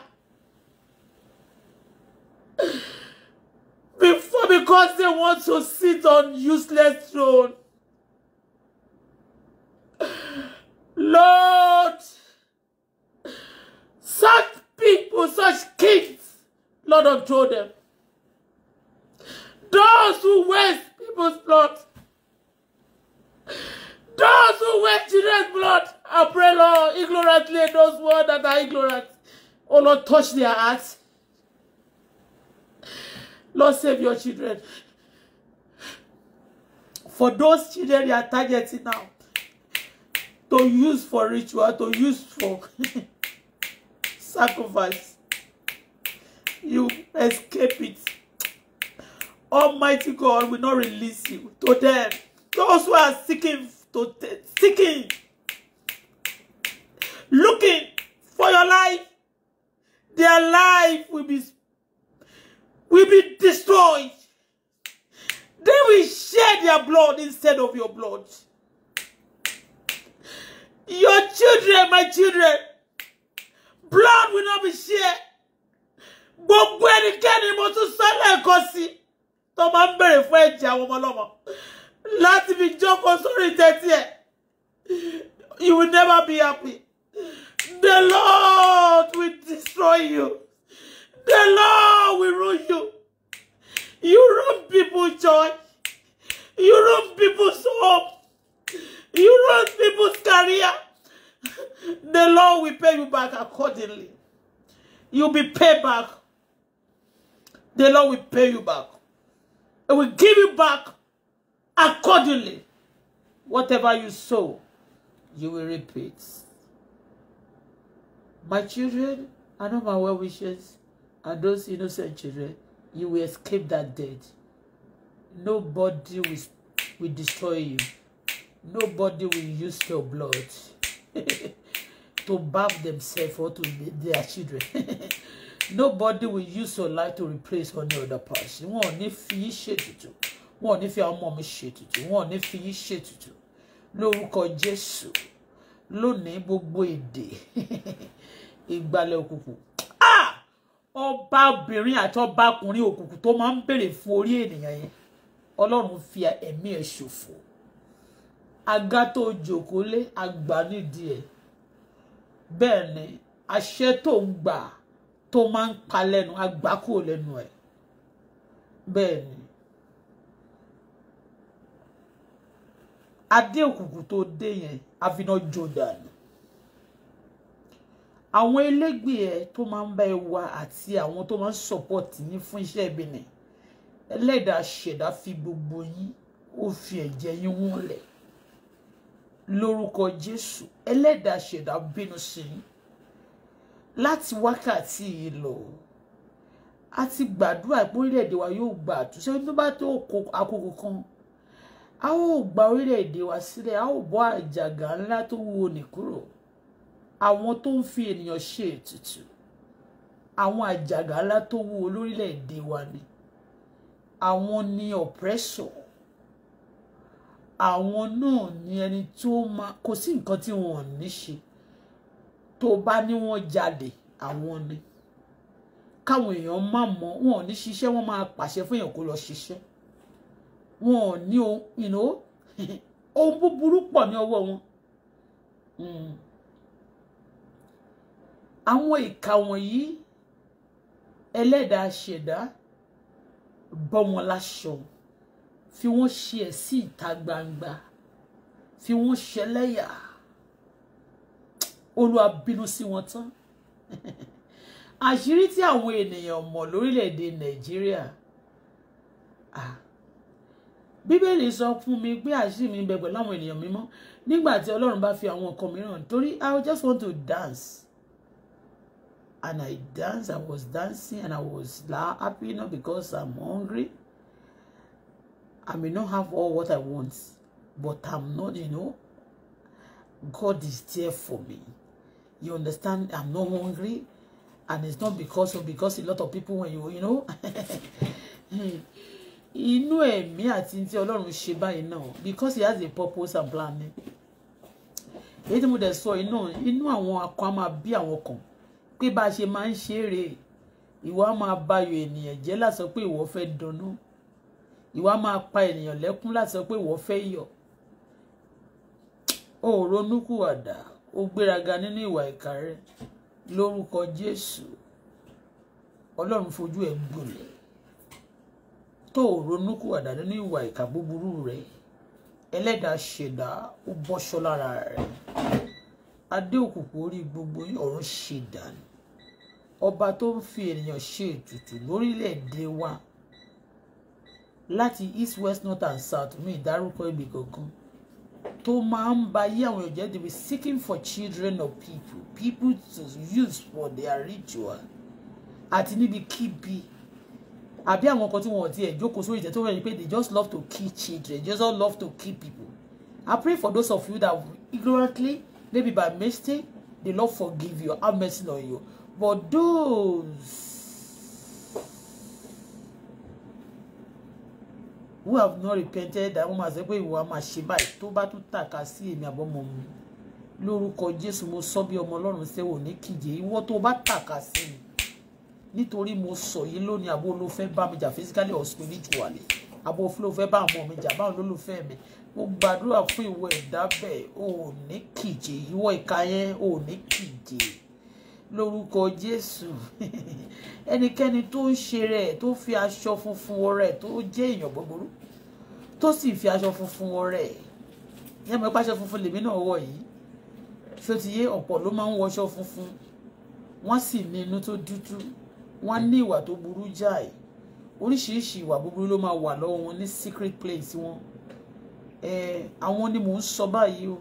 Speaker 1: before because they want to sit on useless throne. Lord, such people, such kings, Lord, of Jordan. Those who waste people's blood, Those who wear children's blood, I pray, Lord, ignorantly, those who that are ignorant, oh Lord, touch their hearts. Lord, save your children. For those children you are targeting now, to use for ritual, to use for <laughs> sacrifice, you escape it. Almighty God will not release you to them. Those who are seeking to seeking, looking for your life, their life will be will be destroyed. They will shed their blood instead of your blood. Your children, my children, blood will not be shared. Gbogbo ẹnikẹ́ni mo tún sọ lẹ́ẹ̀kan sí tó máa ń bèrè fún ẹ̀jẹ̀ àwọn ọmọ ọlọ́mọ. láti fi jókòó sórí ìtẹ́tí ẹ̀ you will never be happy the Lord will destroy you the Lord will ruin you you ruin people joy you ruin people's hope you ruin people's career the Lord will pay you back accordingly you'll be paid back the Lord will pay you back. It will give you back accordingly. Whatever you sow, you will reap it. My children and all my well wishes and those innocent children, you will escape that death. Nobody will, will destroy you. Nobody will use your blood <laughs> to bath themselves or to their children. <laughs> Nobody will use your life to replace any other person. Wọ́n ò ní fi í ṣètùtù wọn ò ní fi ọmọ mi ṣètùtù wọn ò ní fi yín ṣètùtù lórúkọ Jésù lónìí gbogbo èdè <laughs> ìgbàlẹ̀ òkùnkùn ọba obìnrin àti ọba ọkùnrin òkùnkùn tó máa ń béèrè fún orí ènìyàn yẹn Ọlọ́run fi ẹ̀mí ẹ̀ ṣòfò aga tó jòkó lé àgbà nídìí ẹ̀ bẹ́ẹ̀ ni àṣẹ tó ń gbà tó máa ń pa lẹ́nu àgbà kò lẹ́nu ẹ̀ bẹ́ẹ̀ ni adé òkùnkùn tó dé yẹn àfiná jordan àwọn ẹlẹgbẹ́ ẹ tó máa ń bá ẹ wá àti àwọn tó máa ń sọpọ́tì ní fún iṣẹ́ ibi nì ẹlẹ́dàá ṣẹ̀dá fi gbogbo yín ó fi ẹ̀jẹ̀ yín wọ́n lẹ̀ lórúkọ jésù ẹlẹ́dàá ṣẹ̀dá bínú sí yín láti wákàtí yìí lọ a ti gbàdúrà pé orílẹ̀-èdè wa yóò gbà àtúnṣe tó bá tó àkókò kan a ó gba orílẹ̀-èdè wa sílẹ̀ a ó bọ́ àjàgà ńlá tó wúwo nì kúrò àwọn tó ń fi ènìyàn ṣe ètùtù àwọn àjàgà ńlá tó wúwo lórílẹ̀-èdè wa ni àwọn ni oppressor àwọn náà ni ẹni tó máa kò sí nǹkan tí wọn ò ní ṣe tó bá ní wọn jalè àwọn ni káwọn èèyàn má mọ̀ wọn ò ní ṣiṣẹ́ wọn máa pàṣẹ fún èèyàn kó lọ ṣiṣẹ́ wọn ò ní ohun ìnáwó <laughs> ohun búburú pọ̀ ní ọwọ́ wọn hmm. àwọn ìka wọ̀nyí ẹlẹ́dàá ṣẹ̀dá bọ́ wọn láṣọ fi wọ́n ṣe ẹ̀ sí ìta gbangba fi wọ́n ṣẹlẹ́yà Olúwa bínú sí wọn tán <laughs> àṣírí tí àwọn ènìyàn mọ̀ lórílẹ̀‐èdè Nàìjíríà ah bíbélì sọ fún mi pé àṣírí mi ń bẹ pẹ̀lú àwọn ènìyàn mímọ́ nígbà tí ọlọ́run bá fi àwọn nǹkan mìíràn torí i just want to dance and i dance i was dancing and i was happy not because i'm hungry i may not have all what i want but i'm not you know god is there for me you understand i'm not hungry and it's not because of because a lot of people when you you know. <laughs> Hmm inú ẹ̀mí àti tí ọlọ́run ṣe báyìí náà because he has a purpose and plan ni èyí tí mo dẹ̀ sọ iná inú àwọn akọ á máa bí àwọn kan pé bá a ṣe máa ń ṣe é rè ìwà máa bayò ènìyàn jẹ́ láti sọ pé ìwọ fẹ́ dunnú ìwà máa pa ènìyàn lẹ́kún láti sọ pé ìwọ fẹ́ yọ̀ ó ronúkúwàdà ó gbéraga nínú ìwà ìkà rẹ lórúkọ Jésù ọlọ́run fojú ẹ̀ gbolẹ̀ tó o ronúkú àdá nínú ìwà ìkà búburú rẹ ẹlẹ́dàá ṣẹ̀dá ó bọ́ṣọ́ lára rẹ adé òkùnkùn orí gbogbo ọ̀run ṣẹ̀dá ọba tó ń fi ènìyàn ṣe ètùtù lórílẹ̀ wa láti east west north and south mi ìdárúkọ ibi kankan tó máa ń ba ayé àwọn èèyàn jẹ́ they be seeking for children of people people to use for their ritual àti níbi kíbi àbí àwọn kan tí wọn ti ẹ̀ jókòó sórí ìtẹ́ tó rẹ̀ ni pé they just love to kill children they just love to kill people I pray for those of you that ignorantly maybe by mistake the Lord forgive you have mercy on you but those who have not repented that máa sọ pé ìwà máa ṣe báyìí tó bá tún tàka sí èmi àbọ̀mọ̀ mi lórúkọ Jésù mo sọ bí ọmọ Ọlọ́run ṣe wò ní kìjì ìwọ tó bá tàka sí mi nítorí mo sọ yìí lónìí àbó ló fẹ́ bá mi jà physically or spiritually àbó ló fẹ́ bá àwọn mi jà báwọn ló mi mo gbàdúrà fún ìwọ ẹ̀dá bẹ́ẹ̀ ò ní kìje ìwọ ìka yẹn ò ní kìje lórúkọ Jésù <laughs> ẹnikẹ́ni tó ń ṣe rẹ̀ tó fi aṣọ funfun ọrẹ tó jẹ́ èèyàn búburú tó sì fi aṣọ funfun ọrẹ yẹn mo pàṣẹ funfun lèmi náà wọ̀ yìí ṣó ti yé ọ̀pọ̀ ló máa ń wọṣọ funfun wọ́n sì ní inú tó dúdú wọ́n ní ìwà tó burú jáì oríṣiríṣi ìwà búburú ló máa wà lọ́wọ́ wọn ní secret place wọn àwọn ni mò ń sọ báyìí o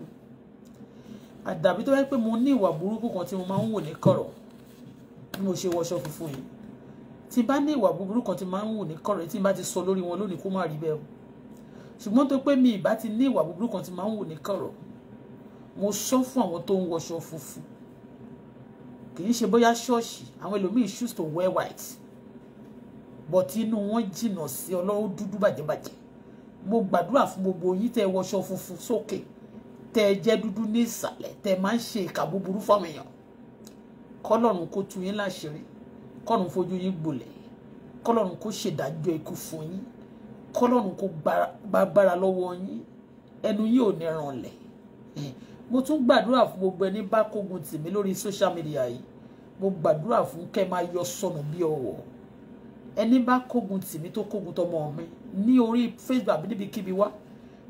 Speaker 1: àdàbí tó yẹ pé mo ní ìwà burúkú kan tí mo máa ń wò ní kọ̀rọ̀ bí mo ṣe wọṣọ funfun yìí tí bá ní ìwà búburú kan tí mo máa ń wò ní kọ̀rọ̀ tí n bá ti sọ lórí wọn lónìí kó má rí bẹ́ẹ̀ o ṣùgbọ́n tó pé mi ìbá ti ní ìwà búburú kan tí mo máa ń wò ní kọ̀rọ̀ mo sọ fún àwọn tó ń wọṣọ funfun kì í ṣe bóyá ṣọ́ọ̀ṣì àwọn ẹlòmíín choose to wear white but inú wọn jìnnà sí ọlọ́wọ́ dúdú bàjẹ́bàjẹ́ mo gbàdúrà fún gbogbo yín tẹ́ wọṣọ funfun sókè tẹ́ jẹ́ dúdú ní ìsàlẹ̀ tẹ́ máa ń ṣe ìkà búburú fáwọn èèyàn kọ́lọ́run kó tu yín láṣìírí kọ́lọ́run fojú yín gbolẹ̀ kọ́lọ́run kó ṣèdájọ́ ikú fún yín kọ́lọ́run kó gbàgbára lọ́wọ́ yín ẹnu yín ò ní ranlẹ̀ mo tún gbàdúrà fún gbogbo ẹni bá kógun tì lórí social media yìí mo gbàdúrà fún kẹ́ máa yọ sọnù bí ọwọ́ ẹni bá kógun tì tó kógun tọmọ mi ní orí Facebook àbí níbikíbi wá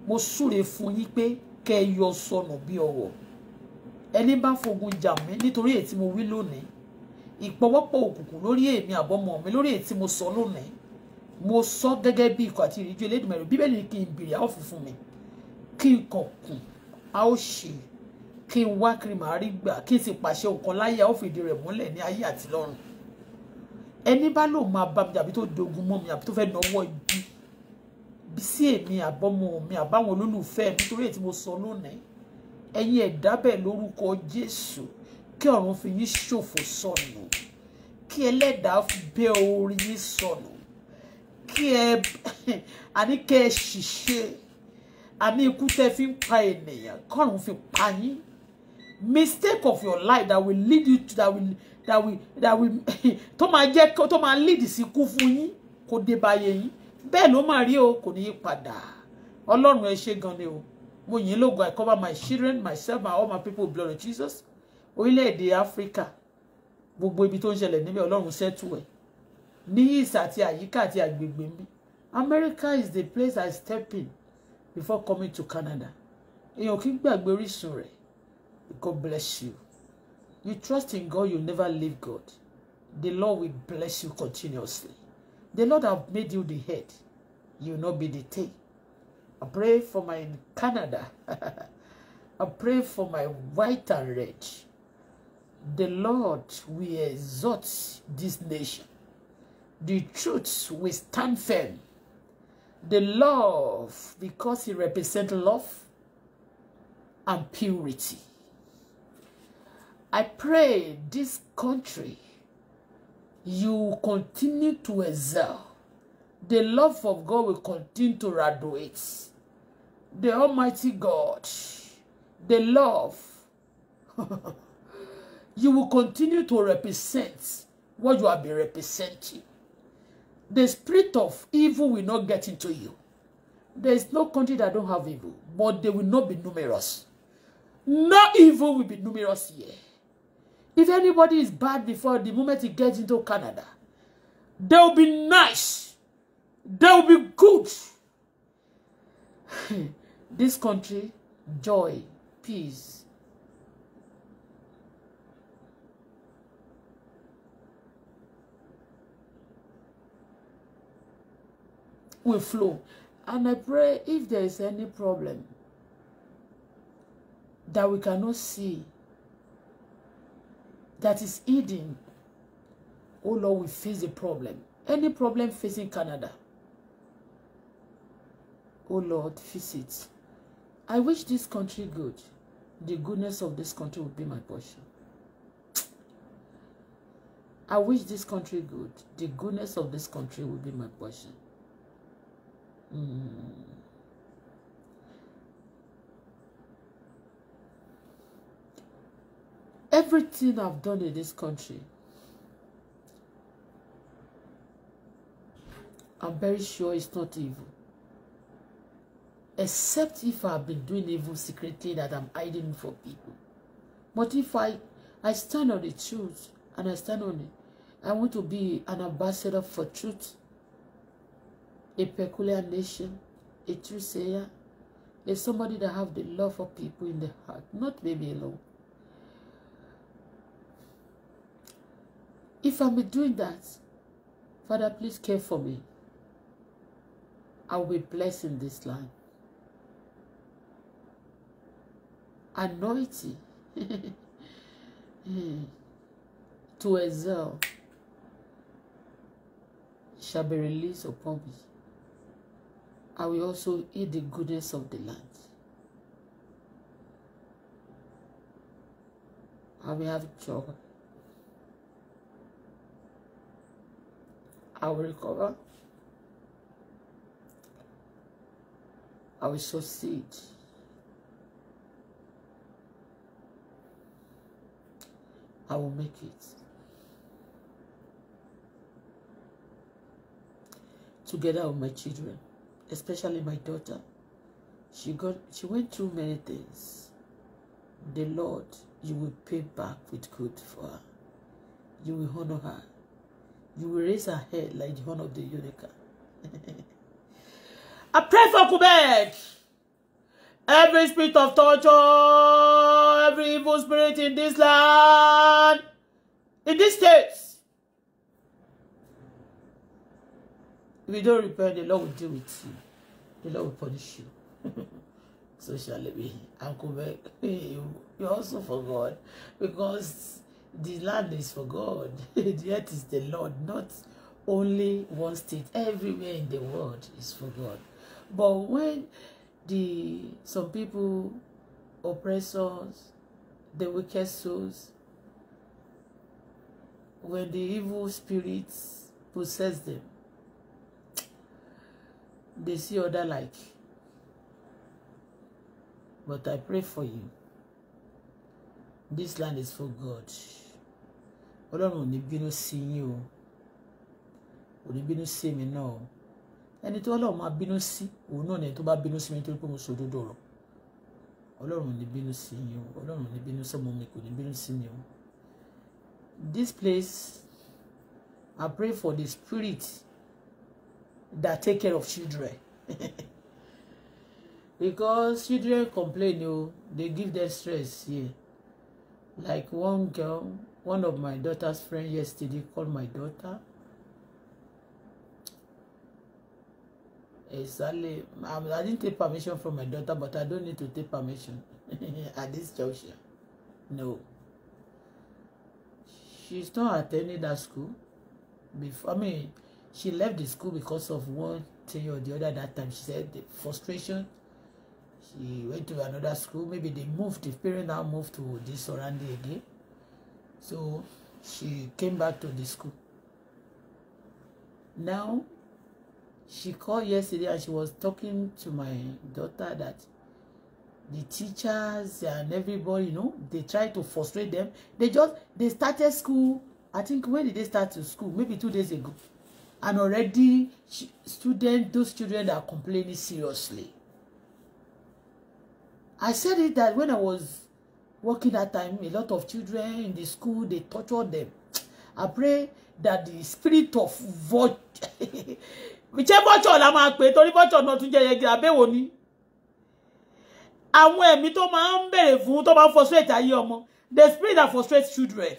Speaker 1: mo súre fún yín pé kẹ́ yọ sọnù bí ọwọ́ ẹni bá fogun jà mí nítorí èyí tí mo wí lónìí ìpọwọ́pọ̀ òkùnkùn lórí èmi àbọ́mọ mi lórí èyí tí mo sọ lónìí mo sọ gẹ́gẹ́ bí ikọ̀ àti ìrìnjú Elédùmarè bíbélì kì í bìrì àwọn funfun mi kí n kàn a ó ṣe kí n wá kiri màá rí gbà kí n sì pàṣẹ òkan láyà ó fìdí rẹ̀ múlẹ̀ ní ayé àti lọ́run ẹni bá lòun máa bá mi àbí tó dogun mọ́ mi àbí tó fẹ́ẹ́ náwó ibi sí èmi àbọ́mọ mi àbáwọn olólùfẹ́ mi torí èyí tí mo sọ lónìí ẹ̀yin ẹ̀dá bẹ́ẹ̀ lórúkọ Jésù kí ọ̀run fi yín ṣòfò sọnù kí ẹlẹ́dàá bẹ́ orí yín sọnù kí ẹ àní kẹ́ ẹ ṣìṣe àní ikú tẹ́ fi ń pa ènìyàn kọ́run fi pa yín mistake of your life that will lead you to that will that will that will <laughs> tó máa jẹ́ tó máa lead sí kú fún yín kó dé báyé yín bẹ́ẹ̀ ló máa o kò ní í padà ọlọ́run ẹ gan ni o mo yìn lógo I cover my children myself and all my people blood of Jesus orílẹ̀-èdè Africa gbogbo ibi tó ń ṣẹlẹ̀ níbẹ̀ ọlọ́run settle ẹ̀ ní ìsà àti àyíká àti àgbègbè mi America is the place I step in before coming to Canada èèyàn kì í gbàgbé orísun God bless you. You trust in God, you never leave God. The Lord will bless you continuously. The Lord have made you the head. You will not be the tail. I pray for my Canada. <laughs> I pray for my white and red. The Lord will exalt this nation. The truth will stand firm. The love, because he represents love and purity. I pray this country, you continue to excel. The love of God will continue to radiate. The Almighty God, the love, <laughs> you will continue to represent what you have been representing. The spirit of evil will not get into you. There is no country that don't have evil, but they will not be numerous. No evil will be numerous here. If anybody is bad before the moment he gets into Canada, they will be nice. They will be good. <laughs> This country, joy, peace. will flow. And I pray if there is any problem that we cannot see that is eating. oh Lord, we face a problem. Any problem facing Canada, oh Lord, fix it. I wish this country good. The goodness of this country will be my portion. I wish this country good. The goodness of this country will be my portion. Mm. everything I've done in this country, I'm very sure it's not evil. Except if I've been doing evil secretly that I'm hiding for people. But if I, I stand on the truth and I stand on it, I want to be an ambassador for truth, a peculiar nation, a true sayer, a somebody that have the love for people in the heart, not maybe alone. If i am doing that, Father, please care for me. I will be blessed in this land. Anointing <laughs> to excel shall be released upon me. I will also eat the goodness of the land. I will have joy. I will recover. I will succeed. I will make it. Together with my children, especially my daughter, she got she went through many things. The Lord, you will pay back with good for her. You will honor her you will raise her head like the horn of the Eureka. <laughs> I pray for Quebec. Every spirit of torture, every evil spirit in this land, in this states. If you don't repent, the Lord will deal with you. The Lord will punish you. <laughs> so shall it be. And Quebec, <laughs> you, you're also for God. Because the land is for God. <laughs> the earth is the Lord, not only one state. Everywhere in the world is for God. But when the some people, oppressors, the wicked souls, when the evil spirits possess them, they see other like. But I pray for you. This land is for God ọlọ́run ò ní bínú sí yín o ò ní bínú sí èmi náà o ẹni tí ọlọ́run máa bínú sí òun náà ni ẹni tó bá bínú sí mi nítorí pé mo sọ òdodo ọ̀rọ̀ ọlọ́run ò ní bínú sí yín o ọlọ́run ò ní bínú sọ́mọ mi kò ní bínú sí mi o this place I pray for the spirit that take care of children <laughs> because children complain o they give them stress here like one girl one of my daughter's friend yesterday called my daughter exactly I'm I didn't take permission from my daughter but I don't need to take permission <laughs> at this juncture no she's not attending that school before I mean she left the school because of one thing or the other that time she said the frustration she went to another school maybe they moved the parents now moved to this surrounding again So she came back to the school. Now, she called yesterday and she was talking to my daughter that the teachers and everybody, you know, they try to frustrate them. They just, they started school, I think, when did they start to school? Maybe two days ago. And already, students, those children are complaining seriously. I said it that when I was working that time, a lot of children in the school, they torture them. I pray that the spirit of vulture, ṣé vulture la The spirit that frustrates children.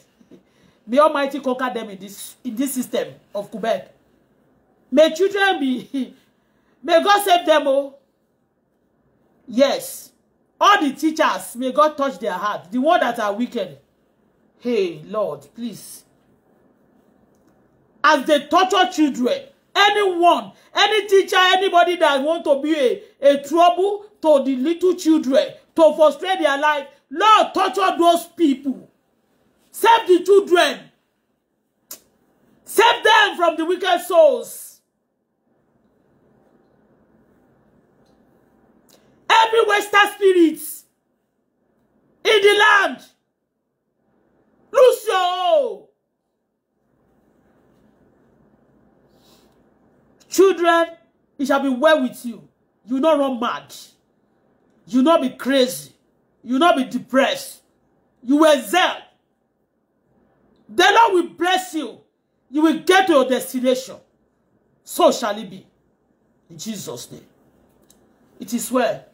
Speaker 1: May Almighty conquer them in this, in this system of Quebec. May children be, <laughs> may God save them, oh. Yes. All the teachers, may God touch their hearts. The ones that are wicked. Hey, Lord, please. As they torture children, anyone, any teacher, anybody that want to be a, a trouble to the little children, to frustrate their life, Lord, torture those people. Save the children. Save them from the wicked souls. Every Western spirit in the land, lose your hold. Children, it shall be well with you. You not run mad. You not be crazy. You not be depressed. You will zeal. The Lord will bless you. You will get to your destination. So shall it be. In Jesus' name. It is well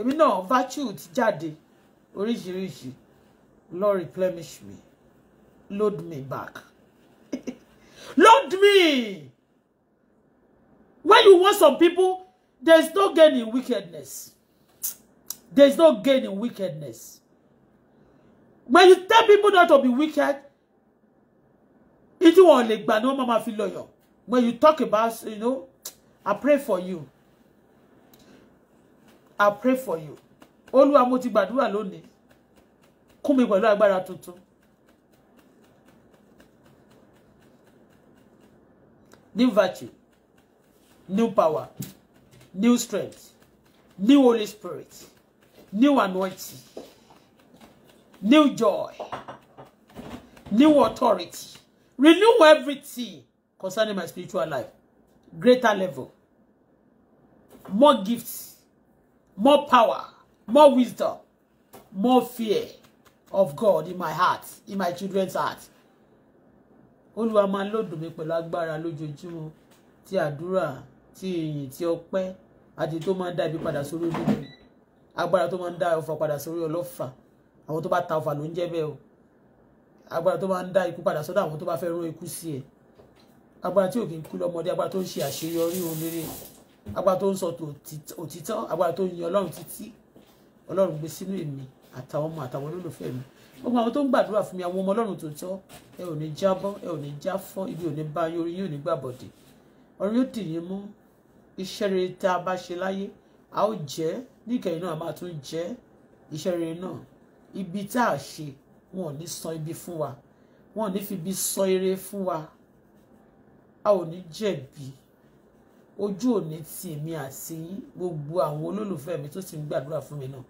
Speaker 1: èmi náà virtue ti jáde oríṣiríṣi lord replenish me load me back <laughs> load me when you want some people there is no gain in wickedness there is no gain in wickedness when you tell people not to be wicked it won't lè gbà no mama máa fi lọ when you talk about you know i pray for you I pray for you olúwa mo ti gbàdúrà lónìí kún mi pẹ̀lú agbára tuntun new virtue new power new strength new Holy Spirit new anointing new joy new authority renew everything concerning my spiritual life greater level more gifts more power, more wisdom, more fear of God in my heart, in my children's heart. Olúwa máa lòdùn mi pẹ̀lú agbára lójoojúmọ́ ti àdúrà ti ìyìn ti ọpẹ́ àti tó máa ń dá ibi padà sórí olúbi agbára tó máa ń dá ọfà padà sórí ọlọ́fà àwọn tó bá ta ọfà ló ń jẹ́ bẹ́ẹ̀ o agbára tó máa ń dá ikú padà sọ́dọ̀ àwọn tó bá fẹ́ rán ikú sí ẹ̀ agbára tí ò kì í kú lọ́mọdé agbára tó ń ṣe àṣeyọrí òun rere agbára tó ń sọ òtítọ́ agbára tó ń yan ọlọ́run títí ọlọ́run gbé sínú èmi àtàwọn ọmọ àtàwọn olólùfẹ́ mi gbogbo àwọn tó ń gbàdúrà fún mi àwọn ọmọ ọlọ́run tòótọ́ ẹ ò ní jábọ́ ẹ ò ní jáfọ́ ibi ò ní bá yín orí yín ò ní gbàbọ̀dé ọ̀run yóò dì yín mú iṣẹ́ rere tá a bá ṣe láyé a ó jẹ́ níkẹyìn náà a máa tún jẹ́ iṣẹ́ rere náà ibi tá a ṣe wọn ò ní san ibi fún wa wọn ò ní fi ibi san ire fún wa a ò ní jẹ̀bi ojú òní ti èmi àti gbogbo àwọn olólùfẹ́ mi tó ti ń gbàdúrà fún mi náà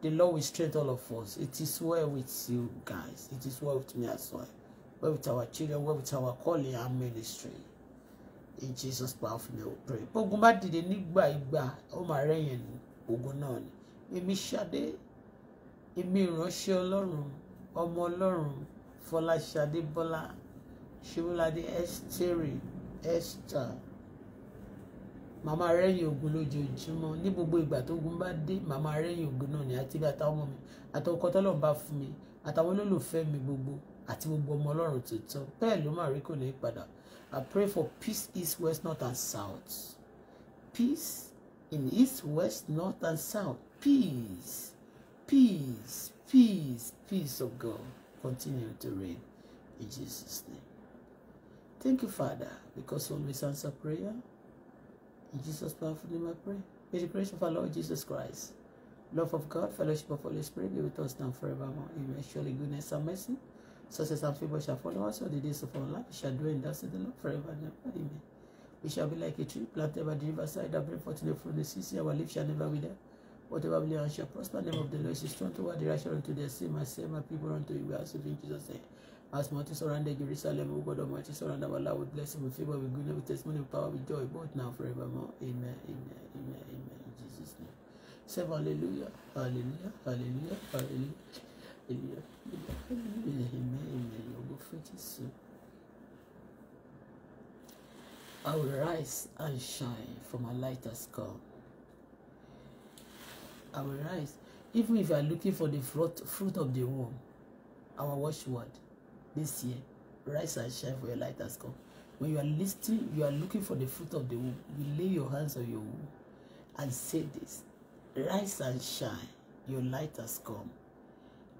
Speaker 1: the Lord will strengthen all of us it is well with you guys it is well with me as well well with our children well with our calling and ministry in Jesus powerful name we pray ogun bá dìde nígbà ìgbà ó máa rẹ́yìn ogun náà ni èmi ṣadé èmi ìránṣẹ́ ọlọ́run ọmọ ọlọ́run fọláṣadé bọ́lá ṣẹ́wọ́ládé ẹ́sítẹ́rì ẹ́sítà màmá rẹ́yìn ogun lójoojúmọ́ ní gbogbo ìgbà tó ogun bá dé màmá rẹ́yìn ogun náà ni àti àtàwọn ọmọ mi àtọkọ tọ́lọ̀ bá fún mi àtàwọn olólùfẹ́ mi gbogbo àti gbogbo ọmọ ọlọ́run tuntun bẹ́ẹ̀ ló máa rí kò ní padà I pray for peace east west north and south peace in east west north and south peace peace peace peace of God continue to reign in Jesus name thank you Father because you always answer prayer. In Jesus' powerful name I pray. May the grace of our Lord Jesus Christ, love of God, fellowship of Holy Spirit be with us now forevermore. Amen. Surely goodness and mercy, success and favor shall follow us all the days of our life. We shall dwell in that city, Lord, forever and ever. Amen. We shall be like a tree planted by the riverside that bring forth fruit from the season. Our leaves shall never wither. Whatever we shall prosper. The name of the Lord is strong toward the righteous unto the same. I say, my people unto you. We are serving Jesus' name. As much as Mount the Jerusalem, O God Almighty, surround our life with blessing, with favor, with goodness, with testimony, with power, with joy, both now forevermore. Amen, amen, amen, amen. In Jesus' name. Say hallelujah, hallelujah, hallelujah, hallelujah, hallelujah,
Speaker 2: amen,
Speaker 1: amen. Your good faith is so. I will rise and shine, for my light has come. I will rise, even if you are looking for the fruit, fruit of the womb, our watchword. this year, rise and shine for your light has come. When you are listening, you are looking for the fruit of the womb. You lay your hands on your womb and say this, rise and shine, your light has come.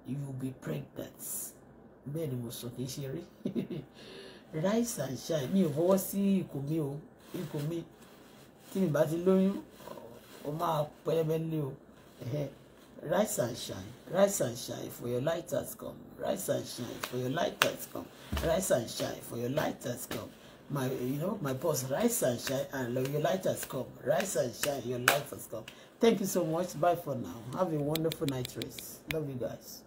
Speaker 1: You will be pregnant. Bẹ́ẹ̀ ni mo sọ kìí ṣe rí. <laughs> Rise and shine, mi ò fọwọ́ sí ikùn mi o, ikùn mi. Tí mi bá ti lóyún, o máa pẹ́yẹ́mẹ́lé o. Rise and shine, rise and shine, for your light has come rise and shine for your light has come rise and shine for your light has come my you know my boss rise and shine and your light has come rise and shine your light has come thank you so much bye for now have a wonderful night rest love you guys.